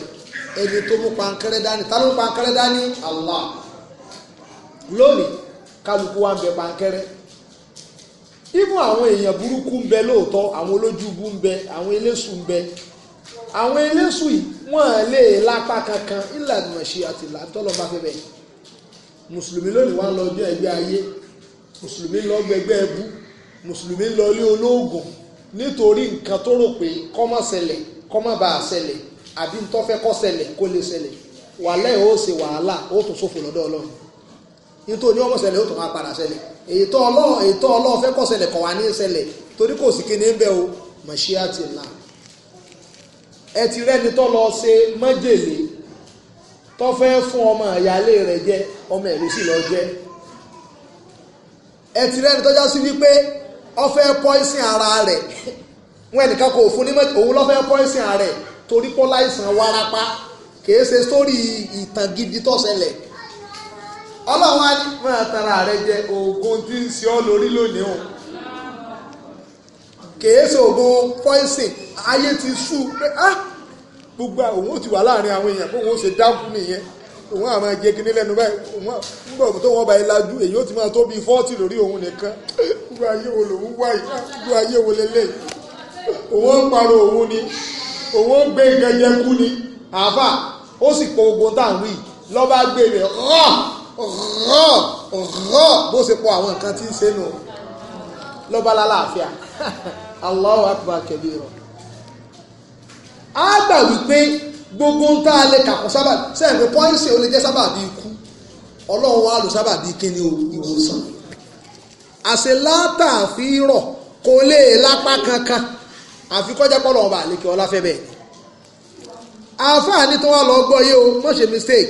ẹni tó mú pankẹ́rẹ́ dání ta ló mú pankẹ́rẹ́ dání Allah lónìí kálukú wa ń bẹ pankẹ́rẹ́ ibu àwọn èèyàn burúkú ń bẹ lóòótọ́ àwọn olójúbú ń bẹ àwọn eléṣù ń bẹ àwọn eléṣù yìí wọ́n lè lápá kankan ìlànà ṣe àti ìlànà tọ́lọ́ bá fẹ́ bẹ́ẹ̀ mùsùlùmí lónìí wá lọ ọjọ́ ẹgbẹ́ ayé mùsùlùmí lọ gbẹgbẹ́ ẹbú mùsùlùmí lọ ilé olóògùn nítorí nǹkan tó rò pé kọ́mọ́ ṣẹlẹ̀ kọ́mọ́ bá a ṣẹlẹ̀ àbí ń tọ́fẹ́ kó ṣẹlẹ̀ kó lè ṣẹlẹ̀ wàhálà ẹ̀ ó ṣe wàhálà ó tún ṣòfò lọ́dọ̀ ọlọ́run nítorí ọmọ ṣẹlẹ̀ ó tún máa padà ṣẹlẹ̀ ètò ọlọ́run ètò ọlọ́run fẹ́ kó ṣẹlẹ̀ kò wá ní ṣẹlẹ̀ torí kò sí kíni bẹ́ẹ̀ o màṣíà ti là ẹ ti rẹ́ni tó lọ ṣe májèlé tó fẹ́ fún ọmọ ìyáálé rẹ̀ jẹ ọmọ ẹ̀ ló sì lọ jẹ ẹ ti rẹ́ni tó já sí wípé ó fẹ́ pọ́ìsìn ara rẹ̀ wọn ẹnìkan kò fún ní mẹ́tò òun ló fẹ́ pọ́ìsìn ara rẹ̀ torí kó láìsàn wárápá kì í ṣe sórí ìtàn gidi tó ṣẹlẹ̀ ọlọ́run á ní máa tara rẹ jẹ oògùn tí ń ṣe ọ́ lórí lónìí o kèé sòògùn poison ayé ti sú pé ah gbogbo òun ò ti wà láàrin àwọn èèyàn pé òun ò ṣe dákú nìyẹn òun àwọn ẹ̀jẹ̀ kìíní lẹ́nu báyìí òun nígbà tó wọ́n bá yẹn lajú èyí ó ti máa tó bíi fọ́ọ̀tì lórí òun nìkan gbogbo ayé wo lòun wá yìí gbogbo ayé wo lélẹ̀ òun ń parọ́ òun ni òun gbé gẹ́gẹ́ kú ni àáfà ó sì pọ̀ ogun táwọn yìí lọ́ba gbé rẹ̀ rọ́ọ̀ rán rán bó ṣe pọ̀ àwọn nǹkan tí ń ṣe nù lọ́ba lálàáfíà Allahu akbar kabira. a gbà wípé gbogbo ń tá a lè kàkọ́ sábà sẹ́yìn pé pọ́ìsì ò lè jẹ́ sábà bíi ikú ọlọ́run wa lò sábà bíi kíni ìwòsàn. àṣẹ látàfi rọ̀ kò lè lápá kankan àfi kọjá pọ̀ lọ́wọ́ bá ọlá fẹ́ àfáà ní tí wọ́n lọ gbọ́ yé o mọ̀ mistake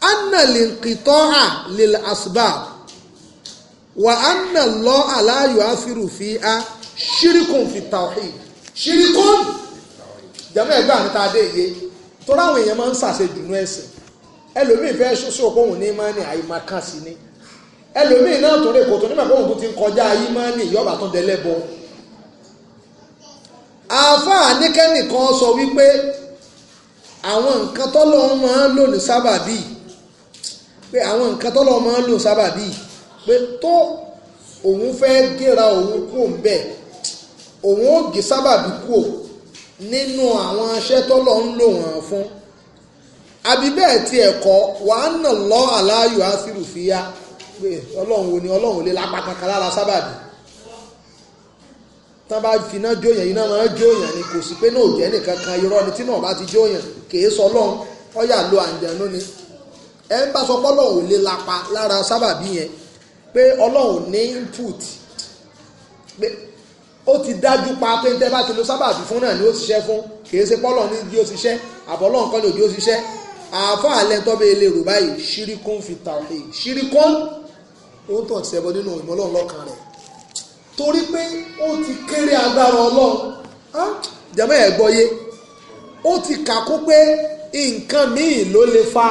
anna linkitoha lil asbab wa anna Allah aláyọ̀ afiru fi a ṣírìkùn fi tawhid ṣírìkùn jàmọ́ ẹgbẹ́ àmì tá a dé iye torí àwọn èèyàn máa ń ṣàṣejù nú ẹ̀sìn ẹlòmíì fẹ́ sọ́sọ́ òpó òun ní mọ́ni àyèmàkan sí ni ẹlòmíì náà tó rè kò tó nígbà pọ́ùn tó ti ń kọjá ayé mọ́ni yọ̀bà tó dẹlẹ́bọ. àáfàá nìkẹ́nìkan sọ wípé àwọn nǹkan tọ́lọ́ máa ń lò ní sábàbí yìí pé àwọn nǹkan tọ́lọ́ máa ń lò sábàbí pé tó òun fẹ́ gẹ́ra òun kò ń bẹ̀ òun ó gé sábàbí kò nínú àwọn aṣẹ́ tọ́lọ́ ń lò wọ́n fún àbí bẹ́ẹ̀ ti ẹ̀kọ́ wàá nà lọ́ aláyọ̀ àṣírù fìyà pé ọlọ́run wo ni ọlọ́run lè lápá kankan lára sábàbí tán bá fi jóyàn iná máa jóyàn ni kò sí pé náà ò jẹ́ nìkan kan irọ́ ni tí náà bá ti jóyàn kì í sọ ọlọ́run ọ̀yà lo àǹjẹ̀nú ni ẹ ń bá sọ pé ọlọ́run ò lè lapa lára sábàbí yẹn pé ọlọ́run ní input pé ó ti dájú pa pé tẹ́ bá ti lo sábàbí fún náà ni ó ṣiṣẹ́ fún kìí ṣe pọ́lọ̀ ní bí ó ṣiṣẹ́ àbọ̀lọ́ nǹkan ní òbí ó ṣiṣẹ́ àáfàá alẹ́ tọ́ bẹ́ẹ̀ lè rò báyìí ṣíríkún fi tàwé ṣíríkún ó ń tàn ṣẹbọ nínú ìmọ̀ ọlọ́run lọ́kàn rẹ̀ torí pé ó ti kéré agbára ọlọ́run jẹ́mọ́ ẹ̀ gbọ́yé ó ti kàkú pé nǹkan míì ló lè fa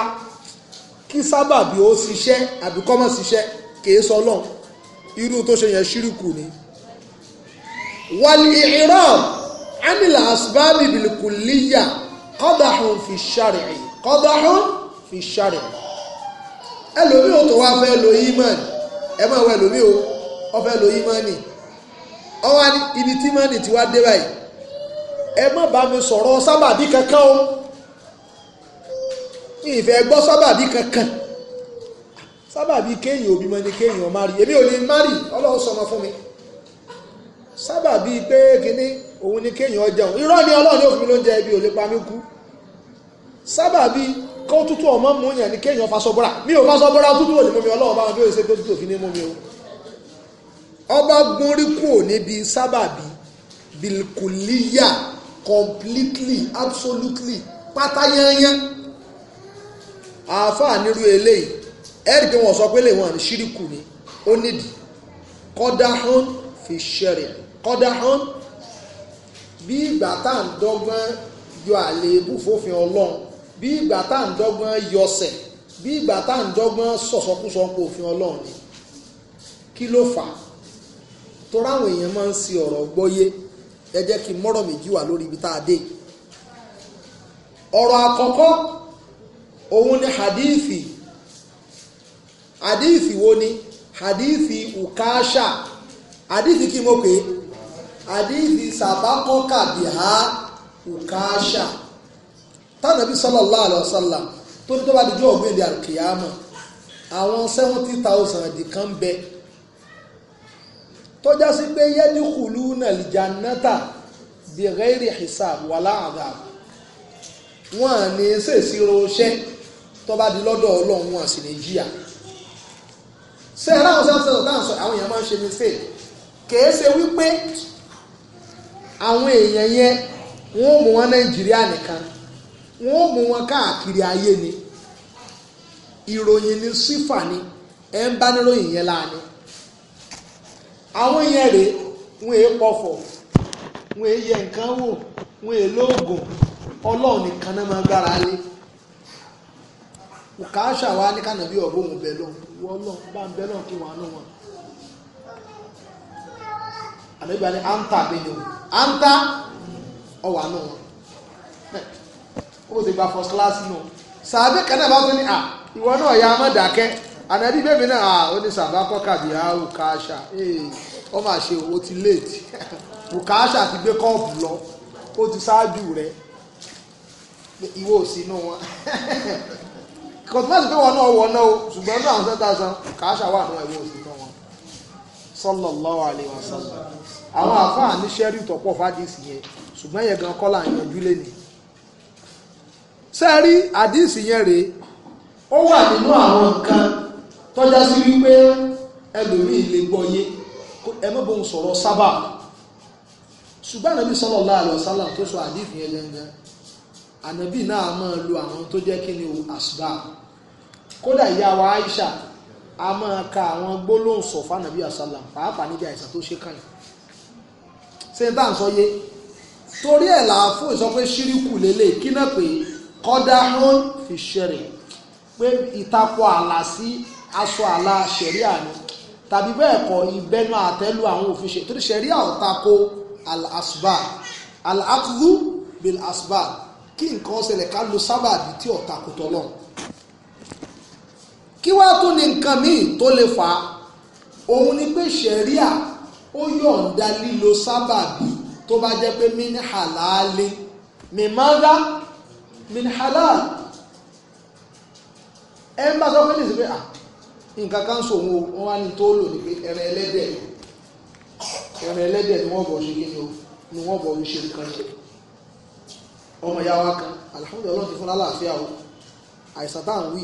kí sábàbí ó ṣiṣẹ́ àbí kọ́mọ̀ ṣiṣẹ́ kìí sọ lọ́n irú tó ṣe yẹn ṣírìkù ni. wàlì ìrọ̀ anìlà asbábì bìlìkùlíyà kọ́dàhùn fi ṣàrìí kọ́dàhùn fi ṣàrìí. ẹlòmíì ò tó wá fẹ́ lo ìmánì ẹ máa wọ ẹlòmíì o ọ fẹ́ lo ìmánì ọwọ́ ibi tí ìmánì ti wá dé báyìí ẹ má bá mi sọ̀rọ̀ sábàbí kankan o ìfẹ́ gbọ́ sábàbí kankan sábàbí kéèyàn òbí mọ ni kéèyàn má rí èmi ò lè má rí ọlọ́run sọmọ fún mi sábàbí pé kínní òun ni kéèyàn jẹun irọ́ ni ọlọ́run yóò fún mi lóúnjẹ ibi ò lè pa mí kú sábàbí kó tútù ọmọ mú yàn ni kéèyàn faṣọ bọ́ra mi ò faṣọ bọ́ra tútù ò ní mú mi ọlọ́run bá wọn bí ó ṣe pé òfin ní mú mi o ọba gún rí kúrò níbi sábàbí bilkuliya completely absolutely pátáyányán àáfàá nírú eléyìí ẹ̀rí pé wọ́n sọ pé lè wọ́n ṣíríkù ni ó nídìí kọ́dáhùn fi ṣẹ̀rẹ̀ kọ́dáhùn bí ìgbà tá à ń dọ́gbọ́n yọ àléébù fófin ọlọ́run bí ìgbà tá à ń dọ́gbọ́n yọsẹ̀ bí ìgbà tá à ń dọ́gbọ́n sọ̀sọ́kúsọ ń òfin ọlọ́run ni kí ló fà á torí àwọn èèyàn máa ń si ọ̀rọ̀ gbọ́yé ẹ jẹ́ kí mọ́rọ̀ méjì wà lórí ibi tá a dé ọ̀rọ̀ àkọ́kọ́ òun ni hadithi hadithi wo ni hadithi ukasha hadithi kí mo pè hadithi sàbákọ́kà bìhá ukasha tánàbí sallallahu alaihi wasallam tó ní tó bá dojú ọ̀gbìn di àkìyàmọ̀ àwọn seventy thousand di kan bẹ tó já sí pé yẹ́dí kùlú náà lìjànátà bi ghairi hisab wàlá àdàbò wọn à ní ṣèṣirò ṣẹ́ tó bá di lọ́dọ̀ ọlọ́run wọn sì ní ṣe ẹ láwọn dáhùn sọ àwọn èèyàn máa ń ṣe mistake kèé ṣe wípé àwọn èèyàn yẹn wọn ò mú wọn nàìjíríà nìkan wọn ò mú wọn káàkiri ayé ni ìròyìn ni ẹ ń bá láàánú àwọn wọn pọfọ wọn yẹ nǹkan wò wọn lóògùn kà á ṣàwá ní kànábí ọ̀bọ̀ òun bẹ̀ lọ́n wọ́n lọ́n bá ń bẹ́ lọ́n kí wọ́n á nù wọn. ànábì wa ni áńtà bẹ́ẹ̀ ni o áńtà ọ̀wà gba first class nù sàbẹ̀ kan náà bá tún ní ah, ya má dákẹ́ ana bẹ́ẹ̀ mi a à ó ní sàbá kọ́kà bí a o kà á ṣà ọ máa se o ti late bùkàṣà ti gbé kọ́ọ̀bù lọ o ti saaju re ìwọ osi naa inú kọtùmọ́sí pé wọn náà wọ náà o ṣùgbọ́n náà àwọn sẹ́ńtà san kàáṣà wà náà ìwé òsì tán wọn sallallahu alaihi Awọn àwọn a ní sẹ́rí tọ̀pọ̀ fàdísì yẹn ṣùgbọ́n yẹn gan kọ́là yanjú lé ní. sẹ́rí àdísì yẹn rèé ó wà nínú àwọn nǹkan tọ́já sí wípé ẹlòmíì lè ẹ má bóun sọ̀rọ̀ sábà ṣùgbọ́n sọ máa lo àwọn tó jẹ́ kí ni o asbab kódà ìyá wa Aisha a máa ka àwọn gbólóhùn sọ fánàbí àsálàm pàápàá níbi àìsàn tó ṣe kàn ṣe ń tàn sọ yé torí ẹ̀ làáfò sọ pé ṣíríkù lélẹ̀ kí náà pé kọ́dá hàn fi ṣẹ̀rẹ̀ pé ìtakò àlà sí aṣọ àlà ṣẹ̀ríà ni tàbí bẹ́ẹ̀ kọ́ ìbẹ́nu àtẹ́lu àwọn òfin ṣe torí ṣẹ̀ríà ò tako al-asba al kí nǹkan ṣẹlẹ̀ ká lo sábàbí tí ò tọ́lọ́run kí wàá tún ní nǹkan míì tó lè fà á òun ni pé ṣẹ̀ríà ó yọ̀ǹda lílo sábàbí tó bá jẹ́ pé min halali min mada min halal ẹ ń bá sọ pé nìsí pé à ah, nǹkan kan sọ òun wọn wá ní tó lò ní pé ẹran ẹlẹ́dẹ̀ ẹran ẹlẹ́dẹ̀ ni wọ́n bọ̀ ṣe kí ni wọ́n bọ̀ ṣe nǹkan ṣe ọmọ ìyá wa kan alihamudulilayi ti fún lálàáfíà o àìsàn táà ń wí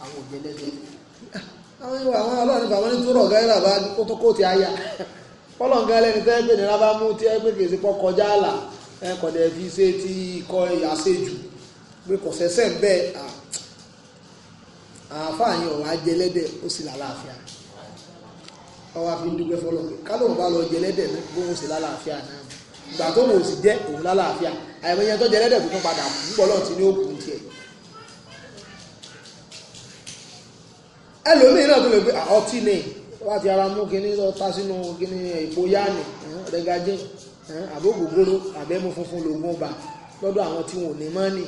àwọn òbí ẹlẹ́dẹ̀ àwọn ìwà àwọn ọlọ́run nípa wọn ní tó rọ̀gá ìlà bá kó tó kó ti aya ọlọ́run gan lẹ́ni tẹ́ pé nira bá mú tí ẹ pé kèsì pọ́ kọjá àlà ẹ kọ̀ dẹ̀ fi ṣe ti ikọ̀ àṣejù pé kò sẹ́sẹ́ bẹ́ẹ̀ àáfàá yẹn ọ̀wá jẹ ẹlẹ́dẹ̀ ó sì lálàáfíà ọwọ́ àfi ń dúpẹ́ fọlọ́ pé kálọ̀ bá lọ jẹ ẹlẹ́dẹ̀ bóun sì lálàáfíà náà gbà tó wò ó sì jẹ́ òun lálàáfíà àìmọye tó jẹ ẹlẹ́dẹ̀ tó tún padà ń bọ̀ lọ́ọ̀ tí ní ó kù tiẹ̀ ẹlòmíì náà tó lè pé ọtí ni wọ́n ti ara mú kíní lọ ta sínú kíní epo yáàni rẹgajẹ àbógògóró àbẹ́mu funfun lògùn ọba lọ́dọ̀ àwọn tí wọn ò ní mọ́ni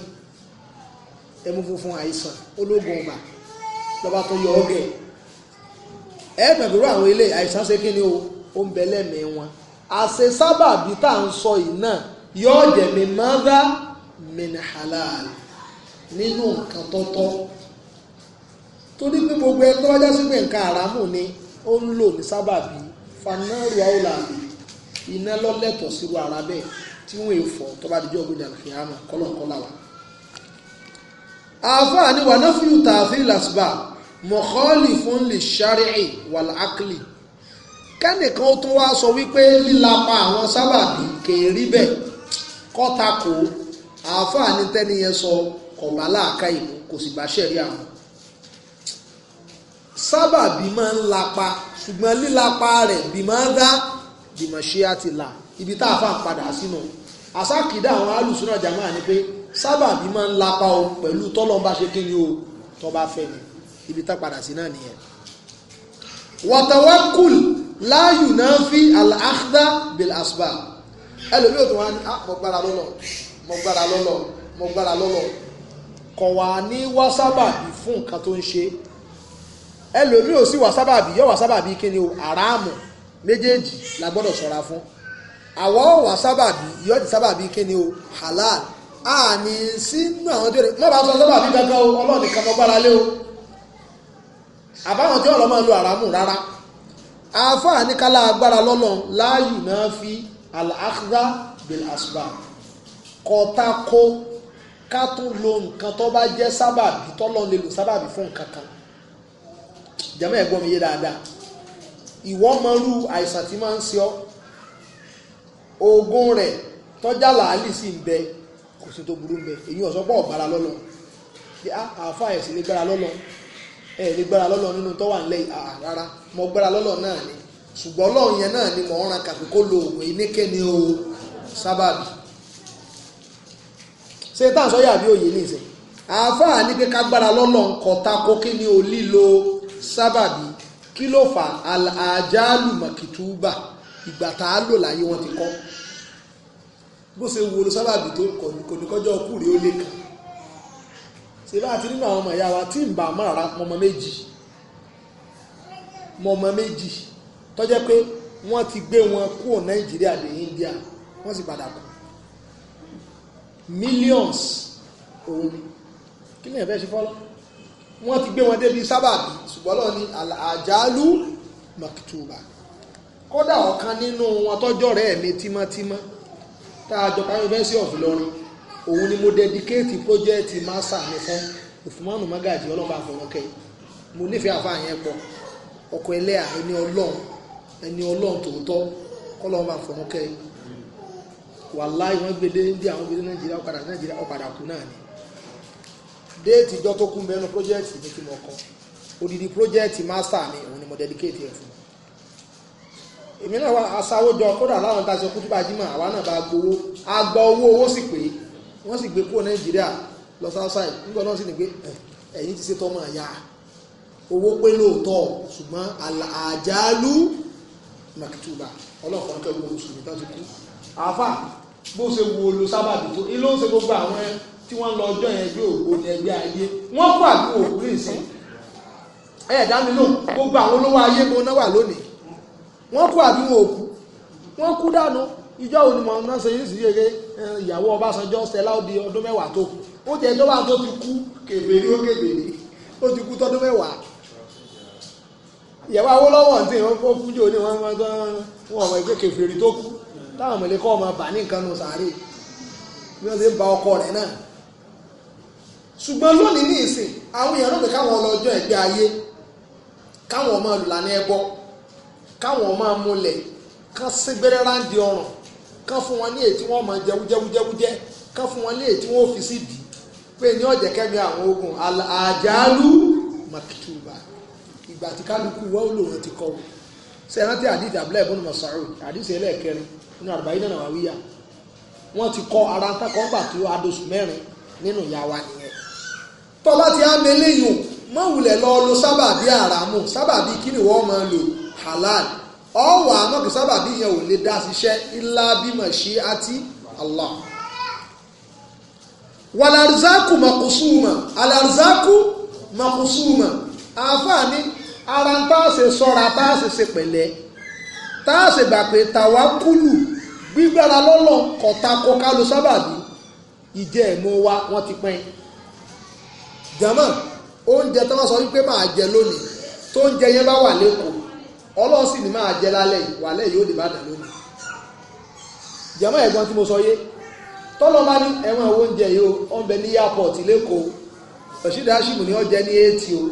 ẹmu funfun àìsàn ológun ọba lọ́ba tó yọ ọ́gẹ̀ ẹ̀ẹ́dẹ̀gbẹ̀rún àwọn ilé àìsàn ṣe kíni o ó ń bẹ lẹ́mìí wọn àṣẹ sábàbí tá à ń sọ yìí náà yóò jẹ̀mí mọ́dá min halal nínú nǹkan tọ́tọ́ torí pé gbogbo ẹni tó bá nǹkan àràmù ni ó ń lò ní sábàbí fanáàrù àwòlà iná lọ́lẹ́tọ̀ síru ara bẹ́ẹ̀ tí wọ́n è fọ̀ tó bá dijọ́ gbọ́dọ̀ àfihàn kọ́lọ̀kọ́lá wa. àáfàá ni wà náà fi tààfin làṣìbà mọ̀kọ́lì fún lè ṣàríì wà láàkìlì kẹ́nìkan ó tún wá sọ wípé lílapa àwọn sábàbí kèé rí bẹ́ẹ̀ kọ́tàkó àáfàá ni tẹ́niyẹn sọ kọ̀ọ̀bá láàka ìlú kò sì bá ṣẹ̀rí àwọn sábàbí máa ń lapa ṣùgbọ́n lílapa rẹ̀ bí máa ń dá bìmọ̀ ṣe àti là ibi tá a fà ń padà sínú àsákìdá àwọn alùsùnà jàmáà ni pé sábàbí máa ń lapa o pẹ̀lú tọ́lọ́mbà ṣe kí ni o tọ́ba fẹ́ ni ibi tá padà sí náà nìyẹn. wàtàwákùl láàyù náà fi àlàáfíà bil asba ẹlòmíràn tó wá ní ah, mọ̀ gbára lọ́lọ́ mọ̀ gbára lọ́lọ́ mọ̀ gbára lọ́lọ́ kọ̀ wá ní wá sábàbí fún nǹkan tó ń ṣe ẹlòmíì ò sì wà sábàbí yọ wà sábàbí kí ni o àràmù méjèèjì la gbọ́dọ̀ ṣọ́ra fún àwọ̀ wà sábàbí yọ ti sábàbí kí ni o halal àní sínú àwọn tó rẹ̀ má bàa sọ sábàbí kankan o ọlọ́ọ̀nì kan mọ́ gbára lé o àbáwọn tí ọ̀lọ́ máa lo àràmù rárá àáfàá ní kálá agbára lọ́nà láàyù náà fi al-akhdha bil asba. kọ́ta kó ká tún lo nǹkan tó bá jẹ́ sábàbí tọ́lọ́ lè lò sábàbí fún nǹkan kan jẹ́mọ́ ẹ̀gbọ́n mi yé dáadáa ìwọ mọrú àìsàn tí máa ń ṣe ọ́ oògùn rẹ̀ tọ́jà làálì sì ń bẹ kò sí tó burú ń bẹ èyí ọ̀sọ́ pọ̀ gbára lọ́lọ́ ah, àáfà ẹ̀ sì lè gbára lọ́lọ́ ẹ̀ lè gbára lọ́lọ́ nínú tọ́wà ńlẹ̀ ah, rárá mo gbára lọ́lọ́ náà ni ṣùgbọ́n ọlọ́run yẹn náà ni mò ń ran kàpé kó lo oògùn inékèéni o sábàbí ṣé táà sọ́yà bí òye ní ìsìn àáfà ní pé ká gbára lọ́lọ́ ń o lílo sábàbí kí ló fà àjálù màkìtúbà ìgbà tá a lò láyé wọn ti kọ bó ṣe wo lo sábàbí tó kò ní kọjọ ọkùnrin ó lè kàn ṣe bá ti nínú àwọn ọmọ ìyá wa tí ń bá mọ́ rárá mọ́mọ́ méjì mọ́mọ́ méjì tọ́jẹ́ pé wọ́n ti gbé wọn kúrò nàìjíríà dé India wọ́n sì padà kú millions òun kí lèyàn fẹ́ ṣe fọ́lọ́ wọ́n ti gbé wọn débi sábàbí ṣùgbọ́n lọ́wọ́ ni àjálù maktuba kódà ọ̀kan nínú wọn tọ́jọ́ rẹ̀ mi tímọ́tímọ́ tá a jọ káyọ̀ fẹ́ǹsì ọ̀fìn lọ́rùn òun ni mo dedicate project masa mi fún òfúmọ́nù mágàjì ọlọ́ba àfọ̀rọ̀kẹ́ mo nífẹ̀ẹ́ àfa yẹn pọ̀ ọkọ̀ ẹlẹ́à ẹni ọlọ́run ẹni ọlọ́run tòótọ́ kọ́lọ́ba àfọ̀rọ̀kẹ́ wàláì wọ́n gbé dé bí ni déètì ìjọ tó kún bẹ́ẹ̀ project mi mo odidi project master mi òun ni mo dedicate ẹ̀ fún èmi náà kódà láwọn tá a ṣe kútúbà jímọ̀ àwa náà bá gbowó a gba owó owó sì pé wọ́n sì gbé kúrò nàìjíríà lọ nígbà náà sì ní ti ṣe tọmọ owó pé lóòótọ́ ṣùgbọ́n àjálù màkìtúbà ti kú àáfà bó ṣe lo sábàbí tó ilé ó tí wọ́n lọ ọjọ́ yẹn bí ògbó ní ẹgbẹ́ ayé wọ́n kó àbí ògbó ìsìn ẹ̀ dámi lò gbogbo àwọn olówó ayé mo náwà lónìí wọ́n kó àbí wọn òkú wọ́n kú dànù ìjọ òní mọ̀ náà ṣe yín sí eré ìyàwó Ọbásanjọ́ Stella ó di ọdún mẹ́wàá tó ó jẹ́ tó bá tó ti kú kèbèrè ó kèbèrè ó ti kú tọ́dún mẹ́wàá ìyàwó Awólọ́wọ̀ ní wọ́n kó fújò ní wọ́n wọ́n ọmọ ẹgbẹ́ kèfèrè tó kú táwọn mọ̀lẹ́kọ́ ọmọ bà ní nǹkan nù sàárè bí wọ́n ṣe ń ba ọkọ rẹ̀ náà ṣùgbọ́n lónìí ní ìsìn àwọn èèyàn lóde káwọn ọlọ́jọ́ ẹ̀gbẹ́ ayé káwọn ọmọ lùlànà ẹbọ káwọn ọmọ múlẹ̀ kán sígbẹ́rẹ́ ráńdì ọrùn kán fún wọn ní èyí tí wọ́n mọ jẹ́wújẹ́wújẹ́ kán fún wọn ní èyí tí wọ́n fi sí ìdí pé ní ọ̀jẹ̀ kẹ́mi àwọn ogun àjálù makituba ìgbà tí kálukú wọ́n ti kọ́ wọn. ṣé rántí àdìsí àdìsí ẹlẹ́ẹ̀kẹrin nínú àrùbáyé náà wà wọ́n ti kọ́ ara ń gbà tó adóṣù tọ́lá ti á meléyùn má wulẹ̀ lọ lo sábàbí àràmù sábàbí kí ni wọ́n máa lò halal ọ̀wà amọ́kì sábàbí yẹn ò lè dá ṣiṣẹ́ ńlá bímọ ṣe àti Allah. wàlàrúzákù màkùsùmà àlàrúzákù màkùsùmà àǹfààní ara ń táàṣe sọ́ra táàṣe ṣe pẹ̀lẹ́ táàṣe gbà pé tàwákùlù gbígbára lọ́lọ́ kọ̀tàkọ́ ká lo sábàbí ìjẹ́ ẹ̀mú wa wọ́n ti pẹ́yìn jama oúnjẹ tó máa sọ wípé máa jẹ lónìí tó ń jẹ yẹn bá wà lẹ́kọ̀ọ́ ọlọ́run sì ní máa jẹ lálẹ́ yìí wàlẹ́ yìí ó lè bá dà lónìí jama ẹ̀gbọ́n tí mo sọ yé tọ́lọ́ bá ní ẹ̀wọ̀n oúnjẹ yìí ó ọ̀n bẹ ní airport lẹ́kọ̀ọ́ òṣìṣẹ́ àṣìmù ni ọ̀jẹ̀ ní eighty o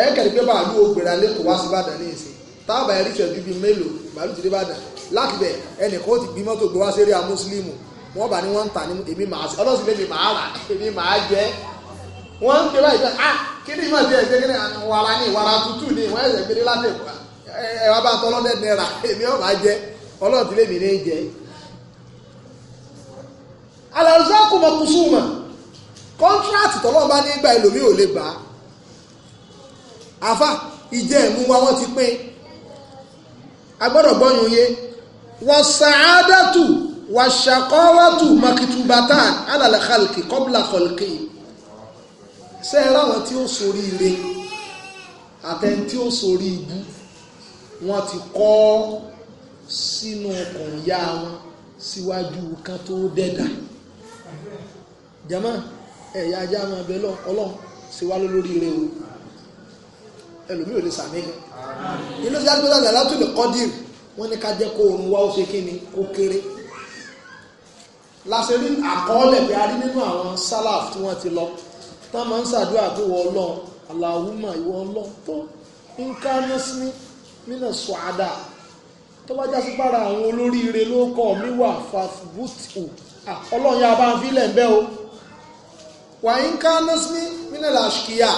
ẹ̀ẹ́kẹ̀rì pé bàálù ògbèrà lẹ́kọ̀ọ́ wá sí Ìbàdàn ní ìsìn táàbà ẹ̀rí ìṣẹ́jú bíi mélòó bàálù ti dé Ìbàdàn láti bẹ̀ ẹnìkan ó ti gbin mọ́tò gbé wá sí eré amúsílímù wọ́n bá ní wọ́n ń tà ní èmi màá sí ọlọ́sìn lèmi màá rà èmi màá jẹ́ wọ́n ń pè báyìí pé ah kí ni ìmọ̀ tiẹ̀ ṣe kí ni ah, wàrà ni wàrà tútù ni wọ́n ẹ̀sẹ̀ gbélé láti ah, ẹ̀ wá bá tọ́ ọlọ́dẹ náírà èmi ọ̀bà jẹ ọlọ́ọ̀tì lèmi ní jẹ. alàrúzá kò mọ̀ kùsùmọ̀ kọ́ńtíráàtì tọ́lọ́ba nígbà ẹlòmíì ò lè gbà á. àfa ìjẹ́ ẹ̀mú wa wọ́n ti pín agbọ́dọ̀ gbọ́yùn yé wọ́n sàádàtù wàṣàkọ́wàtù makitubatan alàlàkàlùkì kọ́bùlà kọ̀lùkì ṣe é ráwọn tí ó sorí ire àtẹni tí ó sorí ibú wọ́n ti kọ́ sínú kọ̀ǹya wọn síwájú kan tó dẹ́dà jama ẹ̀yà ajá máa bẹ lọ ọlọ́run ṣe wá lórí ire o ẹlòmíràn lè sàmì kan ilé tí a gbé lálẹ́ látò lè kọ́ dìrì wọ́n ní ká jẹ́ kó oorun wá ó ṣe kí ni kó kéré láṣẹ ní àkọọ́lẹ̀ pé a rí nínú àwọn sálàf tí wọ́n ti lọ tá a máa ń ṣàdúrà pé wọ́n ọlọ́run aláwùmọ̀ ìwọ ọlọ́run tó ń ká nọ́sìmí nínà sọ̀ádà tó bá para àwọn olóríire ló kọ́ ń o wà ń ká nọ́sìmí nínà làṣkìyà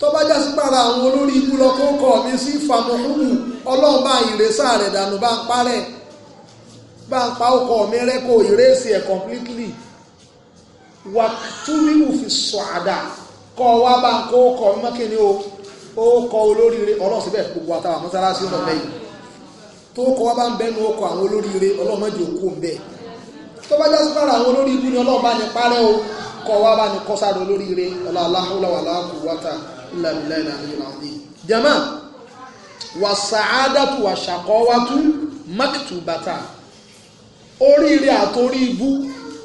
tó bá já para àwọn olórí ibú lọ kó kọ́ mi sí fàmùhùmù ọlọ́run ìrẹsà rẹ̀ dànù bá wàtúwíwù fi sọ̀àdà kọ́ wá bá ń kó kọ́ mọ́kíní o ó kọ olóríire ọlọ́run gbogbo àtàwà mọ́sálásí ọ̀nà lẹ́yìn tó kọ́ wá bá ń bẹ́nu ọkọ̀ àwọn olóríire ọlọ́run òkú ń tó bá jásí àwọn olórí ibú ni ọlọ́run parẹ́ o kọ́ wá bá kọ́ sáré olóríire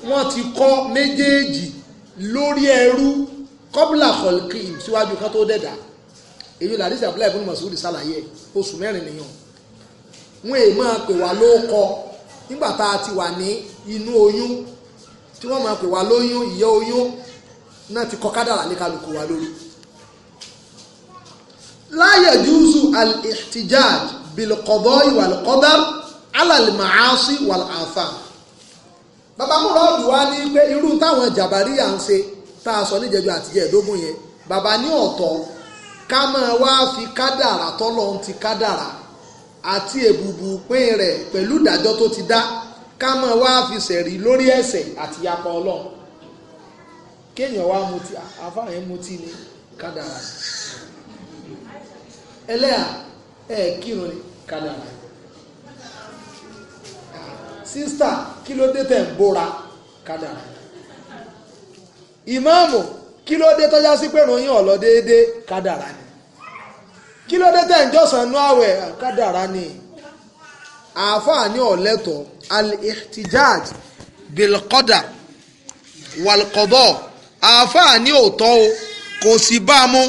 wọ́n ti kọ́ méjèèjì lórí ẹrú kọ́bùlà kọ̀ọ̀kì síwájú kan tó dẹ̀dà èyí làdí sàbúlà ìbùnú mọ̀sùlùmí sàlàyé oṣù mẹ́rin nìyàn wọ́n èè máa pè wá lóókọ nígbà tá a ti wà ní inú oyún tí wọ́n máa pè wá lóyún ìyẹ́ oyún náà ti kọ kádàrà ní kálukú wa lórí láyé jùzù al-ihtijaj bilkọ̀dọ̀ ìwàlùkọ́dá alàlìmọ̀ àásì bàbá múrọ́ọ̀dù wa ní pé irú táwọn jàbáríyà ń ṣe tá a sọ níjẹjọ àtijọ́ ẹ̀ẹ́dógún yẹn bàbá ní ọ̀tọ̀ ká máa wá fi kádàrà tọ́lọ́ ti kádàrà àti èbùbù pín rẹ̀ pẹ̀lú ìdájọ́ tó ti dá ká máa wá fi sẹ̀rí lórí ẹ̀ṣẹ̀ àti yapa ọlọ́run kéèyàn wá mutí àfáàyàn mutí ni kádàrà ẹlẹ́à ẹ̀ kírun ni kádàrà sista kí ló dé tẹ̀ ń bóra kádàrá ìmáàmù kí ló dé tọ́já sí pé ròyìn ọ̀lọ́ déédéé kádàrá ni kí ló dé tẹ̀ ń jọ̀sán nú àwẹ̀ kádàrá ni àáfàá ní ọ̀lẹ́tọ̀ al-ihtijaj bilkoda àáfàá ní òótọ́ o kò sì bá a mú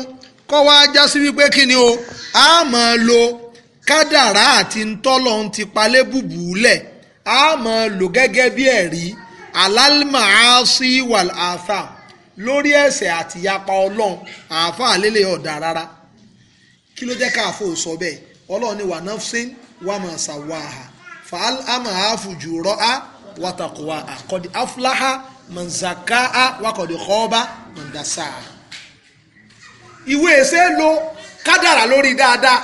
kọ́ wá já sí wípé kí ni o a máa lo kádàrá àti ntọ́lọ́ ti palẹ́ bùbù lẹ̀ a máa lò gẹ́gẹ́ bí ẹ̀rí alálìmọ̀ àásí wàl àfà lórí ẹ̀ṣẹ̀ àti ìyapa ọlọ́run àfà àlélẹ̀ ọ̀dà rárá kí ló jẹ́ káàfó sọ bẹ́ẹ̀ ọlọ́run ni wà nafsin wà máa ṣàwáhà fàál àmà àfùjù rọ́ a wàtàkùwà àkọ́dí afúláhà mọ̀nzàká a wàkọ̀dí kọ́ọ́bá mọ̀ndàṣà. ìwé ẹsẹ lo kádàrà lórí dáadáa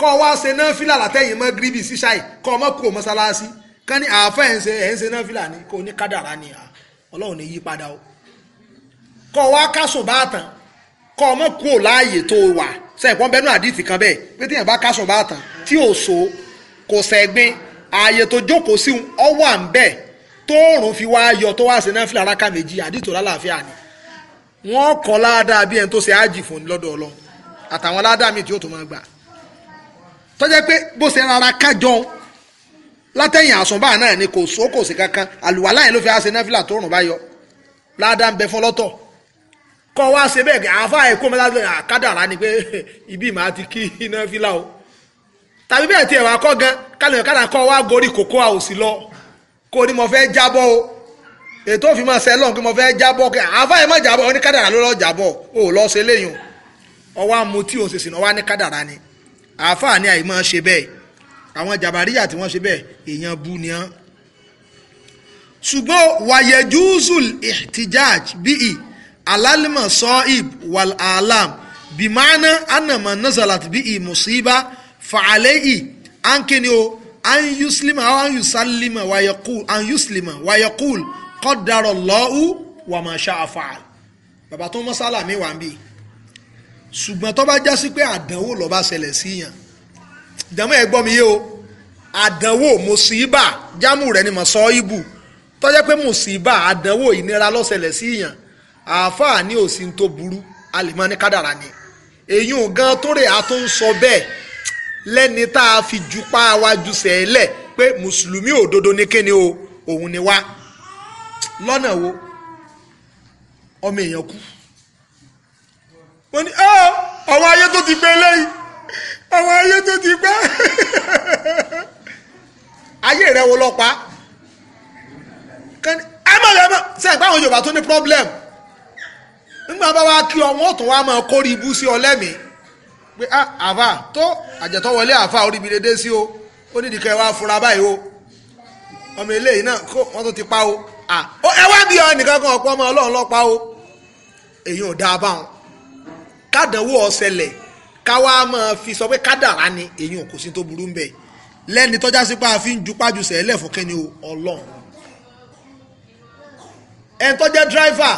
kọ́ ọ wá ṣe náà fílà látẹ̀yìn mọ́ gíríbì síṣáì kọ́ ọ mọ́ṣáláṣí kán ní àáfà ẹ̀ ń ṣe ẹ̀ ń ṣe náà fìlà ni kò ní kádàrá ni ah. ọlọ́run ní yí padà o kọ́ wá kásùn bá tàn kọ́ ọmọ kú ò láàyè tó wà sẹ́ẹ̀pọ́n bẹ́nu àdìtì kan bẹ́ẹ̀ pé téèyàn bá kásùn bá tàn tí ò so kò sẹ́gbin ààyè tó jókòó sí ọ wà ń bẹ́ẹ̀ tóòrùn fi wá yọ tó wá sí náà fìlà rákà méjì àdìtò lálàáfíà ni wọ́n kọ́ ládàá bí ẹni tó ṣe ájì fún lọ́dọ̀ ọlọ́run àtàwọn ládàá mi tí ó tó máa gbà tọ́jẹ́ pé bó ṣe rárá kájọ látẹ̀yìn àsùnbà náà ni kò só kò sí kankan àlùwàlá yẹn ló fi àṣẹ náfìlà tó rùn bá yọ ládàá ń bẹ fún lọ́tọ̀ kọ́ wá ṣe bẹ́ẹ̀ àáfà ẹ̀kọ́ mẹ́ta kádàrá ni pé ibi màá ti kí náfìlà o tàbí bẹ́ẹ̀ tiẹ̀ wá kọ́ gan kálíọ̀ kádà kọ́ wá gorí kòkó a ò sí lọ kó ní mo fẹ́ jábọ́ o ètò òfin máa ṣe lọ́n pé mo fẹ́ jábọ́ kẹ́ àáfà ẹ̀ má jábọ́ ọ ní kádàrá ló lọ́ọ́ jábọ́ o ò lọ́ọ́ ṣe léyìn ọwọ́ amutí òṣèṣìn ọwọ́ ní kádàrá ni àáfà ni àì ṣe bẹ́ẹ̀ àwọn jàbáríyà tí wọ́n ṣe bẹ́ẹ̀ èèyàn bu ni án ṣùgbọ́n wàyẹ̀ júùsùl ihtijaj bíi alálìmọ̀ sọ́ìb wàl alam bìmánà ànàmọ̀ nazalat bíi musiba fàálẹ́yì ankeni o an yuslima aw an yusalima wayakul an yuslima wayakul qaddara Allahu bàbá tó mọ́sálà mi wà ń bì ṣùgbọ́n tó bá jásí pé àdánwò ló bá ṣẹlẹ̀ síyàn. Si jàmọ́ ẹ gbọ́ mi yé o àdánwò mùsíbà jámù rẹ̀ ni mọ̀sọ́ ibù tọ́jẹ́ pé mùsíbà àdánwò ìnira lọ́sẹ̀lẹ̀ sí ìyàn àáfàá ní òsì tó burú àlèmọ́ ní kádàrà ni èyí ò gan tó rè á tó ń sọ bẹ́ẹ̀ lẹ́ni tá a fi ju pa wájú sẹ́ẹ̀lẹ̀ pé mùsùlùmí òdodo ní kíni o òun ni wá lọ́nà wo ọmọ èèyàn kú wọ́n ní ọwọ́ ayé tó ti gbé lẹ́yìn àwọn ayé tó ti pẹ́ ayé rẹ̀ wo lọ pa ẹ má lọ ẹ má sẹ́yìn pé àwọn Yorùbá tó ní problem nígbà bá wa kí ọ wọn tún wá máa kórè ibú sí ọ lẹ́mìí a ah, àfà tó àjẹtọ́ wọlé àfà orí ibi dédé sí o ó ní ìdíkẹ́ wa fura báyìí o ọmọ eléyìí náà kó wọ́n tún ti pa o ó ẹ wá bí ọ nìkan kan ọ̀pọ̀ ọmọ ọlọ́run lọ́pàá o èyí ò dáa báwọn kádànwó ọ̀sẹ̀lẹ̀ káwa máa fi sọ pé kádàrá ni èyí ò kò sí tó burú ń bẹ lẹ́ni tọ́já sí pa àfi ń ju pájú sẹ́lẹ̀ fún kẹ́ni ọlọ́run ẹni tó jẹ́ dráìvà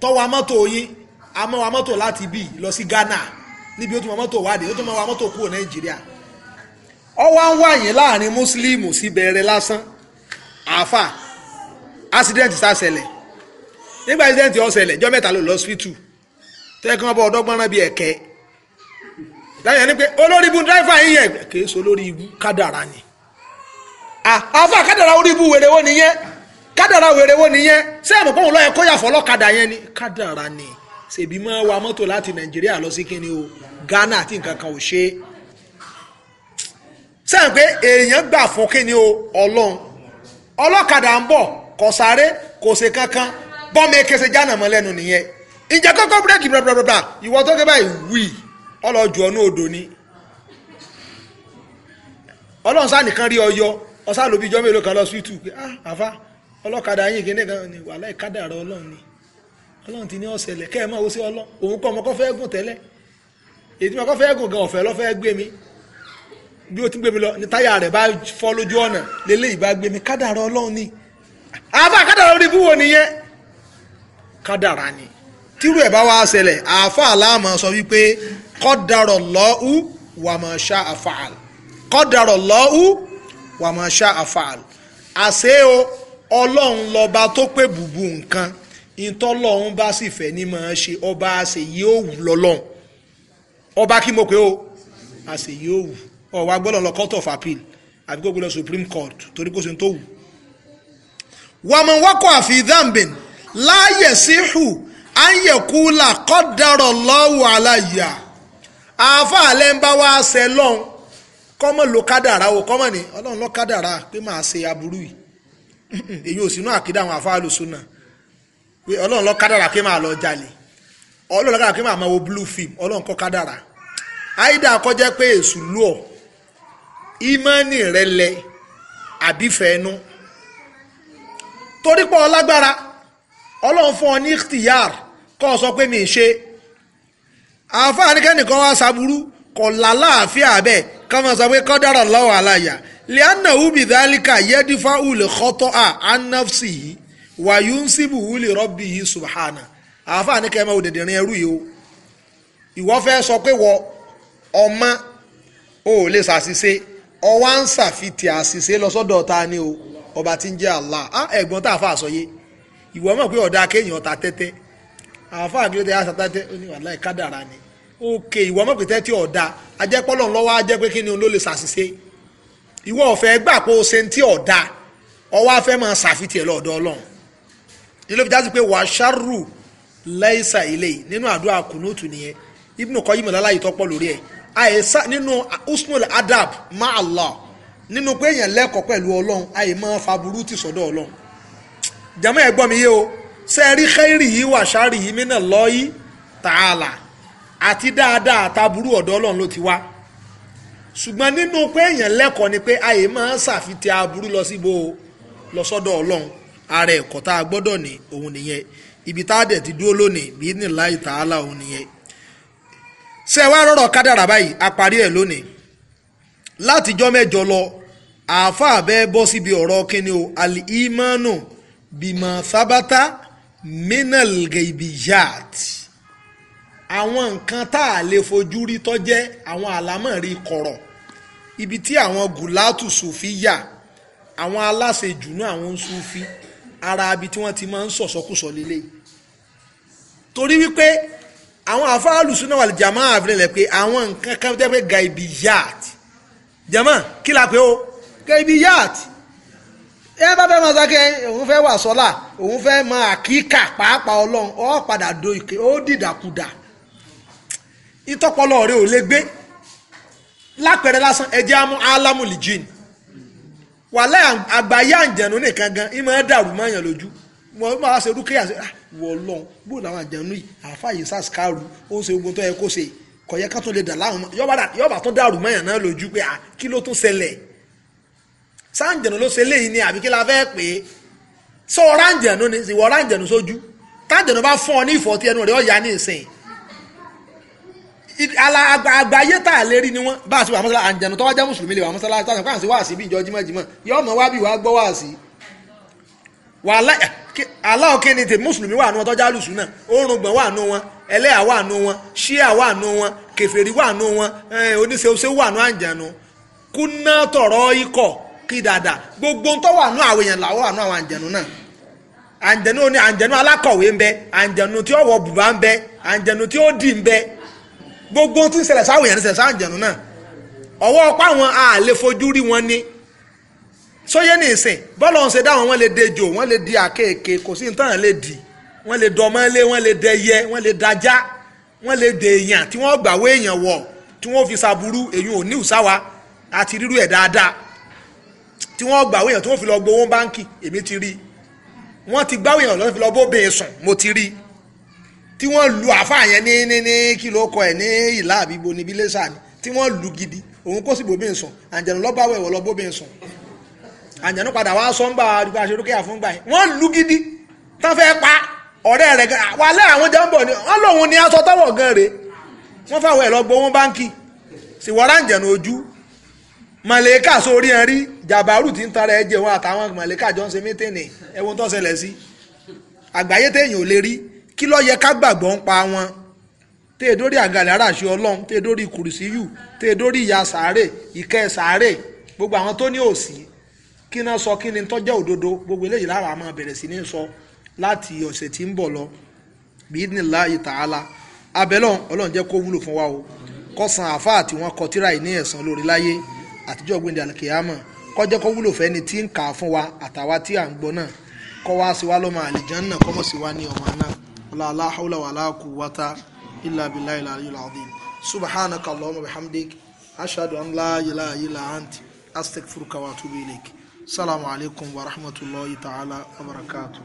tó wa mọ́tò yín a máa wa mọ́tò láti bì lọ sí Ghana níbi ó tún wa mọ́tò wádìí ó tún máa wa mọ́tò kúrò Nàìjíríà ọ wá ń wáyé láàrin mùsùlùmù sí bẹ̀rẹ̀ lásán àáfà accident sá ṣẹlẹ̀ nígbà accident ó ṣẹlẹ̀ jọ́ mẹ́ta ló lọ hospital tẹ́kàn bọ́ ọ̀dọ́gbọ́n bíi ẹ̀kẹ́ lẹ́yìn ẹni pé olórí ibu dráìfà yìí yẹn kìí so olórí ibu kádàrà ni ah, àfa kádàrà orí ibu wèrè wo nìyẹn kádàrà wèrè wo nìyẹn sẹ́ẹ̀mù pọ́n lọ́yẹ kó yàfọ́ lọ́kadà yẹn ni kádàrà ni ṣèbí máa wa mọ́tò láti nàìjíríà lọ sí kíni o ghana àti nǹkan kan ò ṣe é sẹ́yìn pé èèyàn gbà fún kíni o ọlọ́run ọlọ́kadà ń bọ̀ kò sáré kò ṣe kankan bọ́mọ ekese jánà mọ́ lẹ́nu nìyẹn ìjẹ́ kọ́kọ́ búrẹ́kì búrẹ́búrẹ́búrẹ́ ìwọ tó gẹ́ báyìí wíì ọlọ́jù ọ̀nà odò ni ọlọ́run sá nìkan rí ọyọ ọsá lóbi ìjọ mélòó kan lọ sí ìtù pé ah àfa ọlọ́kadà yín kí nìkan ni wàhálà ìkádà rẹ ọlọ́run ni ọlọ́run ti ní ọ̀sẹ̀lẹ̀ kẹ́ ẹ̀ máa wo sí ọlọ́ òun kọ́ ọmọ kọ́ fẹ́ gùn tẹ́lẹ̀ èyí tí mo kọ́ fẹ́ gùn gan ọ̀fẹ́ lọ́ fẹ́ gbé mi bí ó ti gbé mi lọ ní táyà rẹ̀ bá fọ́ lójú ọ̀nà lélẹ́yìí bá gbé mi kádàrá ọlọ́run ni àáfà kádàrá orí búwo nìyẹn kádàrá ni tírú ẹ̀ bá wá ṣẹlẹ̀ àáfà aláàmọ̀ sọ wípé kọ́dàrọ̀ lọ́hù wà máa ṣá àfààl kọ́dàrọ̀ lọ́hù wà máa ṣá àfààl àṣé o ọlọ́run lọ́ba tó pé bùbù nǹkan ìtọ́lọ́run bá sì fẹ́ ní máa ṣe ọba àṣè yìí ó wù lọ́lọ́run ọba kí mo pé o àṣè yìí ó wù ọ̀wá gbọ́dọ̀ lọ court of appeal àbí kó gbọ́dọ̀ supreme court torí kó ṣe tó wù. wàmọ̀ wákò àfi dambin láàyè síhù ayẹ̀kú là kọ́ lọ́wọ́ aláyà. àáfàá lẹ́ńbá wá ṣe lọ́hùn kọ́mọ̀ ló kádàrá o kọ́mọ̀ ni ọlọ́run ló kádàrá pé máa ṣe aburú yìí èyí ò sínú àkídá àwọn àáfàá lóṣù náà pé ọlọ́run ló kádàrá pé máa lọ jalè ọlọ́run ló kádàrá pé máa máa wo blue film ọlọ́run kọ́ kádàrá àìdá kọjá pé èṣù lù ọ́ rẹ lẹ àbífẹ́ẹ́nu torí ọlágbára ọlọ́run fún ọ ní kọ́ ọ sọ pé mi ṣe àfáàní kẹ́nìkan wá sábúrú kọ̀ lálàáfíà bẹ́ẹ̀ kọ́mọ sọ pé kọ́dọ̀rọ̀ lọ́wọ́ aláya liana ubi dhalika yedifa ule kọ́tọ́ a anafsi yìí wàyúnsíbù ule rọ́bì yìí subhana àfáàní kẹ́mọ òdèdèrìn ẹrú yìí o ìwọ fẹ́ sọ pé wọ ọmọ ò lè ṣàṣìṣe ọwọ́ à ń ṣàfitì àṣìṣe lọ sọ́dọ̀ ta ni o ọba tí ń jẹ́ Allah ẹ̀gbọ́n tá a fà sọ yé ìwọ mọ̀ pé ọ̀dà kéèyàn ta tẹ́tẹ́ àfa àgídé àṣàtàtẹ oníwàlá ìkádàrà ni ok ìwọ mọ̀pẹ̀tẹ́ tí ọ̀dà ajẹ́pọ́lọ̀ lọ́wọ́ ajẹ́ pé kí ni ló lè ṣàṣìṣe ìwọ ọ̀fẹ́ gbà pé o ṣe ń tí ọ̀dà ọwọ́ afẹ́ máa ṣàfitì lọ́dọ̀ ọlọ́run ilé ìfijá sí pé wàá ṣàrù láìsà ilé yìí nínú àdúrà kùnúùtù nìyẹn Ibn Qayyim lálàyé tọ́pọ̀ lórí ẹ̀ àìsà nínú usmul adab ma Allah nínú pé èèyàn lẹ́kọ̀ọ́ pẹ̀lú ọlọ́run àì máa fa burú tì sọ́dọ̀ ọlọ́run jàmọ́ ẹ̀ gbọ́ mi yé o sẹ́ẹ̀rí kẹ́rì yìí wà sáré yìí mí náà lọ́yìí tààlà àti dáadáa àtàbúrú ọ̀dọ̀ ọlọ́run ló ti wá ṣùgbọ́n nínú pé èèyàn lẹ́kọ̀ọ́ ni pé ayé máa ń ṣàfitẹ́ aburú lọ síbo lọ sọ́dọ̀ ọlọ́run ara ẹ̀kọ́ tá a gbọ́dọ̀ ní òun nìyẹn ibi tá a dẹ̀ ti dúró lónìí bí ní láì tààlà òun nìyẹn ṣé wàá rọ̀rọ̀ kádàrà báyìí a parí ẹ̀ lónìí látijọ́ mẹ́jọ lọ àáfàá bẹ́ẹ̀ bọ́ síbi ọ̀rọ̀ kíni o alìímánù bímọ sábátá minal gaibiyat àwọn nǹkan tá a lè fojú rí tó jẹ́ àwọn àlámọ̀rí kọ̀rọ̀ ibi tí àwọn gùlátù sùfí yà àwọn aláṣejù náà àwọn sùfí ara ibi tí wọ́n ti máa ń sọ̀sọ́kùsọ lélẹ̀ torí wípé àwọn afáàlù súná wà jàmá àfihàn pé àwọn nǹkan kan tẹ́ pé gaibiyat jàmá kí la pé o gaibiyat ẹ bá fẹ́ máa sákẹ́ òun fẹ́ wà sọ́là òun fẹ́ máa àkíkà pàápàá ọlọ́run ọ padà do ìké ó dìdàkudà ìtọ́pọ̀lọ́ rẹ ò lè gbé lápẹẹrẹ lásán ẹjẹ́ amú alámùlìjìn wàhálà àgbáyé àǹjẹ̀nú nìkan gan ìmọ̀ ẹ̀ dàrú mọ́ èèyàn lójú wọ́n máa ṣe rúkẹ́yà ṣe ah, wọ́ ọlọ́run bó làwọn àǹjẹ̀nú yìí àfààyè sars kárù ó ń ṣe ogun tó yẹ kó ṣe kọ̀yẹ́ ká tó lè dà láwọn yọ́bà tó dàrú mọ́ èèyàn náà lójú pé ah, kí ló tún ṣẹlẹ̀ sáǹjẹ̀nù ló ṣe léyìí ni àbí kí la fẹ́ pè é sọ ọ̀ráǹjẹ̀nù ni ìwọ ọ̀ráǹjẹ̀nù sójú táǹjẹ̀nù bá fún ọ ní ìfọ̀tí ẹnu rẹ̀ ọ̀yà ní ìsìn àgbáyé tá a lè rí ni wọ́n bá a sì wà mọ́sálásí àǹjẹ̀nù tó wá jẹ́ mùsùlùmí lè wà mọ́sálásí táwọn kan sì wá sí bí ìjọ jímọ̀jímọ̀ yọ ọmọ wá bí wàá gbọ́ wá sí wàhálà aláwọ̀ eh, kí ni tèmi mùsùlùmí wà nù wọn tọ́jà lùsùn náà òórùngbọ̀n wà nù wọn ẹlẹ́yà wà nù wọn ṣíà wà nù wọn kèfèrí wà nù wọn eh, oníṣẹ́ oṣẹ́ wà nù àǹjẹ̀nù kúnná tọ̀rọ̀ ikọ̀ kí dáadáa gbogbo ń tọ́ wà nú àwọn èèyàn làwọ́ wà nú àwọn àǹjẹ̀nu náà àǹjẹ̀nu ní àǹjẹ̀nu alákọ̀wé ń bẹ àǹjẹ̀nu tí ó wọ bùbá ń bẹ àǹjẹ̀nu tí ó dì ń bẹ gbogbo tí ń ṣẹlẹ̀ sáwọn èèyàn ń ṣẹlẹ̀ sáwọn àǹjẹ̀nu náà ọwọ́ ọpá wọn a lè fojú rí wọn ni sóyè ní ìsìn bọ́ọ̀lù ọ̀hún ṣe dáwọn wọn lè dejò wọn lè di àkekèé kò sí nǹkan lè dì wọn lè dọmọlé wọn lè dẹyẹ wọn lè dajá wọn lè dè èèyàn tí wọn gbàwé èèyàn wọ tí wọn fi ṣàbùrú èèyàn ò ní ìsáwa àti rírú ẹ̀ dáadáa tí wọ́n gbà wéèyàn tí wọ́n fi lọ gbowó báńkì èmi ti rí wọ́n ti gbá wéèyàn lọ́wọ́ fi lọ bóbin sùn mo ti rí tí wọ́n lu àáfàá yẹn ní ní ní kí ló kọ ẹ̀ ní ìlà àbíbo níbi lẹ́sà ni tí wọ́n lu gidi òun kó sì bóbin sùn àǹjẹ̀nu lọ́ba wẹ̀wọ̀ lọ bóbin sùn àǹjẹ̀nu padà wá sọ́ńgbà àdúgbò àṣerúkẹ́yà fún gbà yẹn wọ́n lu gidi tán fẹ́ pa ọ̀rẹ́ rẹ̀ gan wà lẹ́ àwọn jẹ́ ni wọ́n lòun ni aṣọ tọ́wọ̀ gan rèé wọ́n fàwọ̀ ẹ̀ lọ gbowó báńkì sì wọ́n ráǹjẹ̀nu ojú mọ̀lẹ́kà sórí ẹ̀ rí jàbárù tí ń tara ẹ̀ jẹun àtàwọn mọ̀lẹ́kà jọ ń ṣe mítìnì ẹ̀wọ̀n tó ṣẹlẹ̀ sí àgbáyé téèyàn ò lè rí kí ló yẹ ká gbàgbọ́ ń pa wọn téè dórí àgàlẹ̀ aráàṣẹ ọlọ́run téè dórí kùrìsíyù téè dórí ìyá sàárè ìkẹ́ sàárè gbogbo àwọn tó ní òsì kí náà sọ kí ni tọ́jọ́ òdodo gbogbo eléyìí lára àmọ́ bẹ̀rẹ̀ sí ní sọ láti ọ̀sẹ̀ tí ń bọ̀ lọ bídìnnìlá ìtàhálà abẹ́lọ́n ọlọ́run jẹ́ kó wúlò fún wa o kọ́sàn àfáà tí wọ́n kọ tíra ní ẹ̀san lórí láyé àtijọ́ gbẹ̀ndẹ̀ àlùkìyàmọ̀ kọjá kó wúlò fẹ́ni tí ń kà á fún wa àtàwa tí à ń gbọ́ náà kọ́ wá sí wa lọ́mọ àlìjánná kọ́mọ̀ sí wa ní ọmọ náà ọlọ́lá haúlá wàlá quwwata illa billahi al-aliyyil azim subhanaka allahumma bihamdik ashhadu an la ilaha illa ant astaghfiruka wa atubu ilaik salamu alaykum wa rahmatulahi ta'ala wa barakatuh.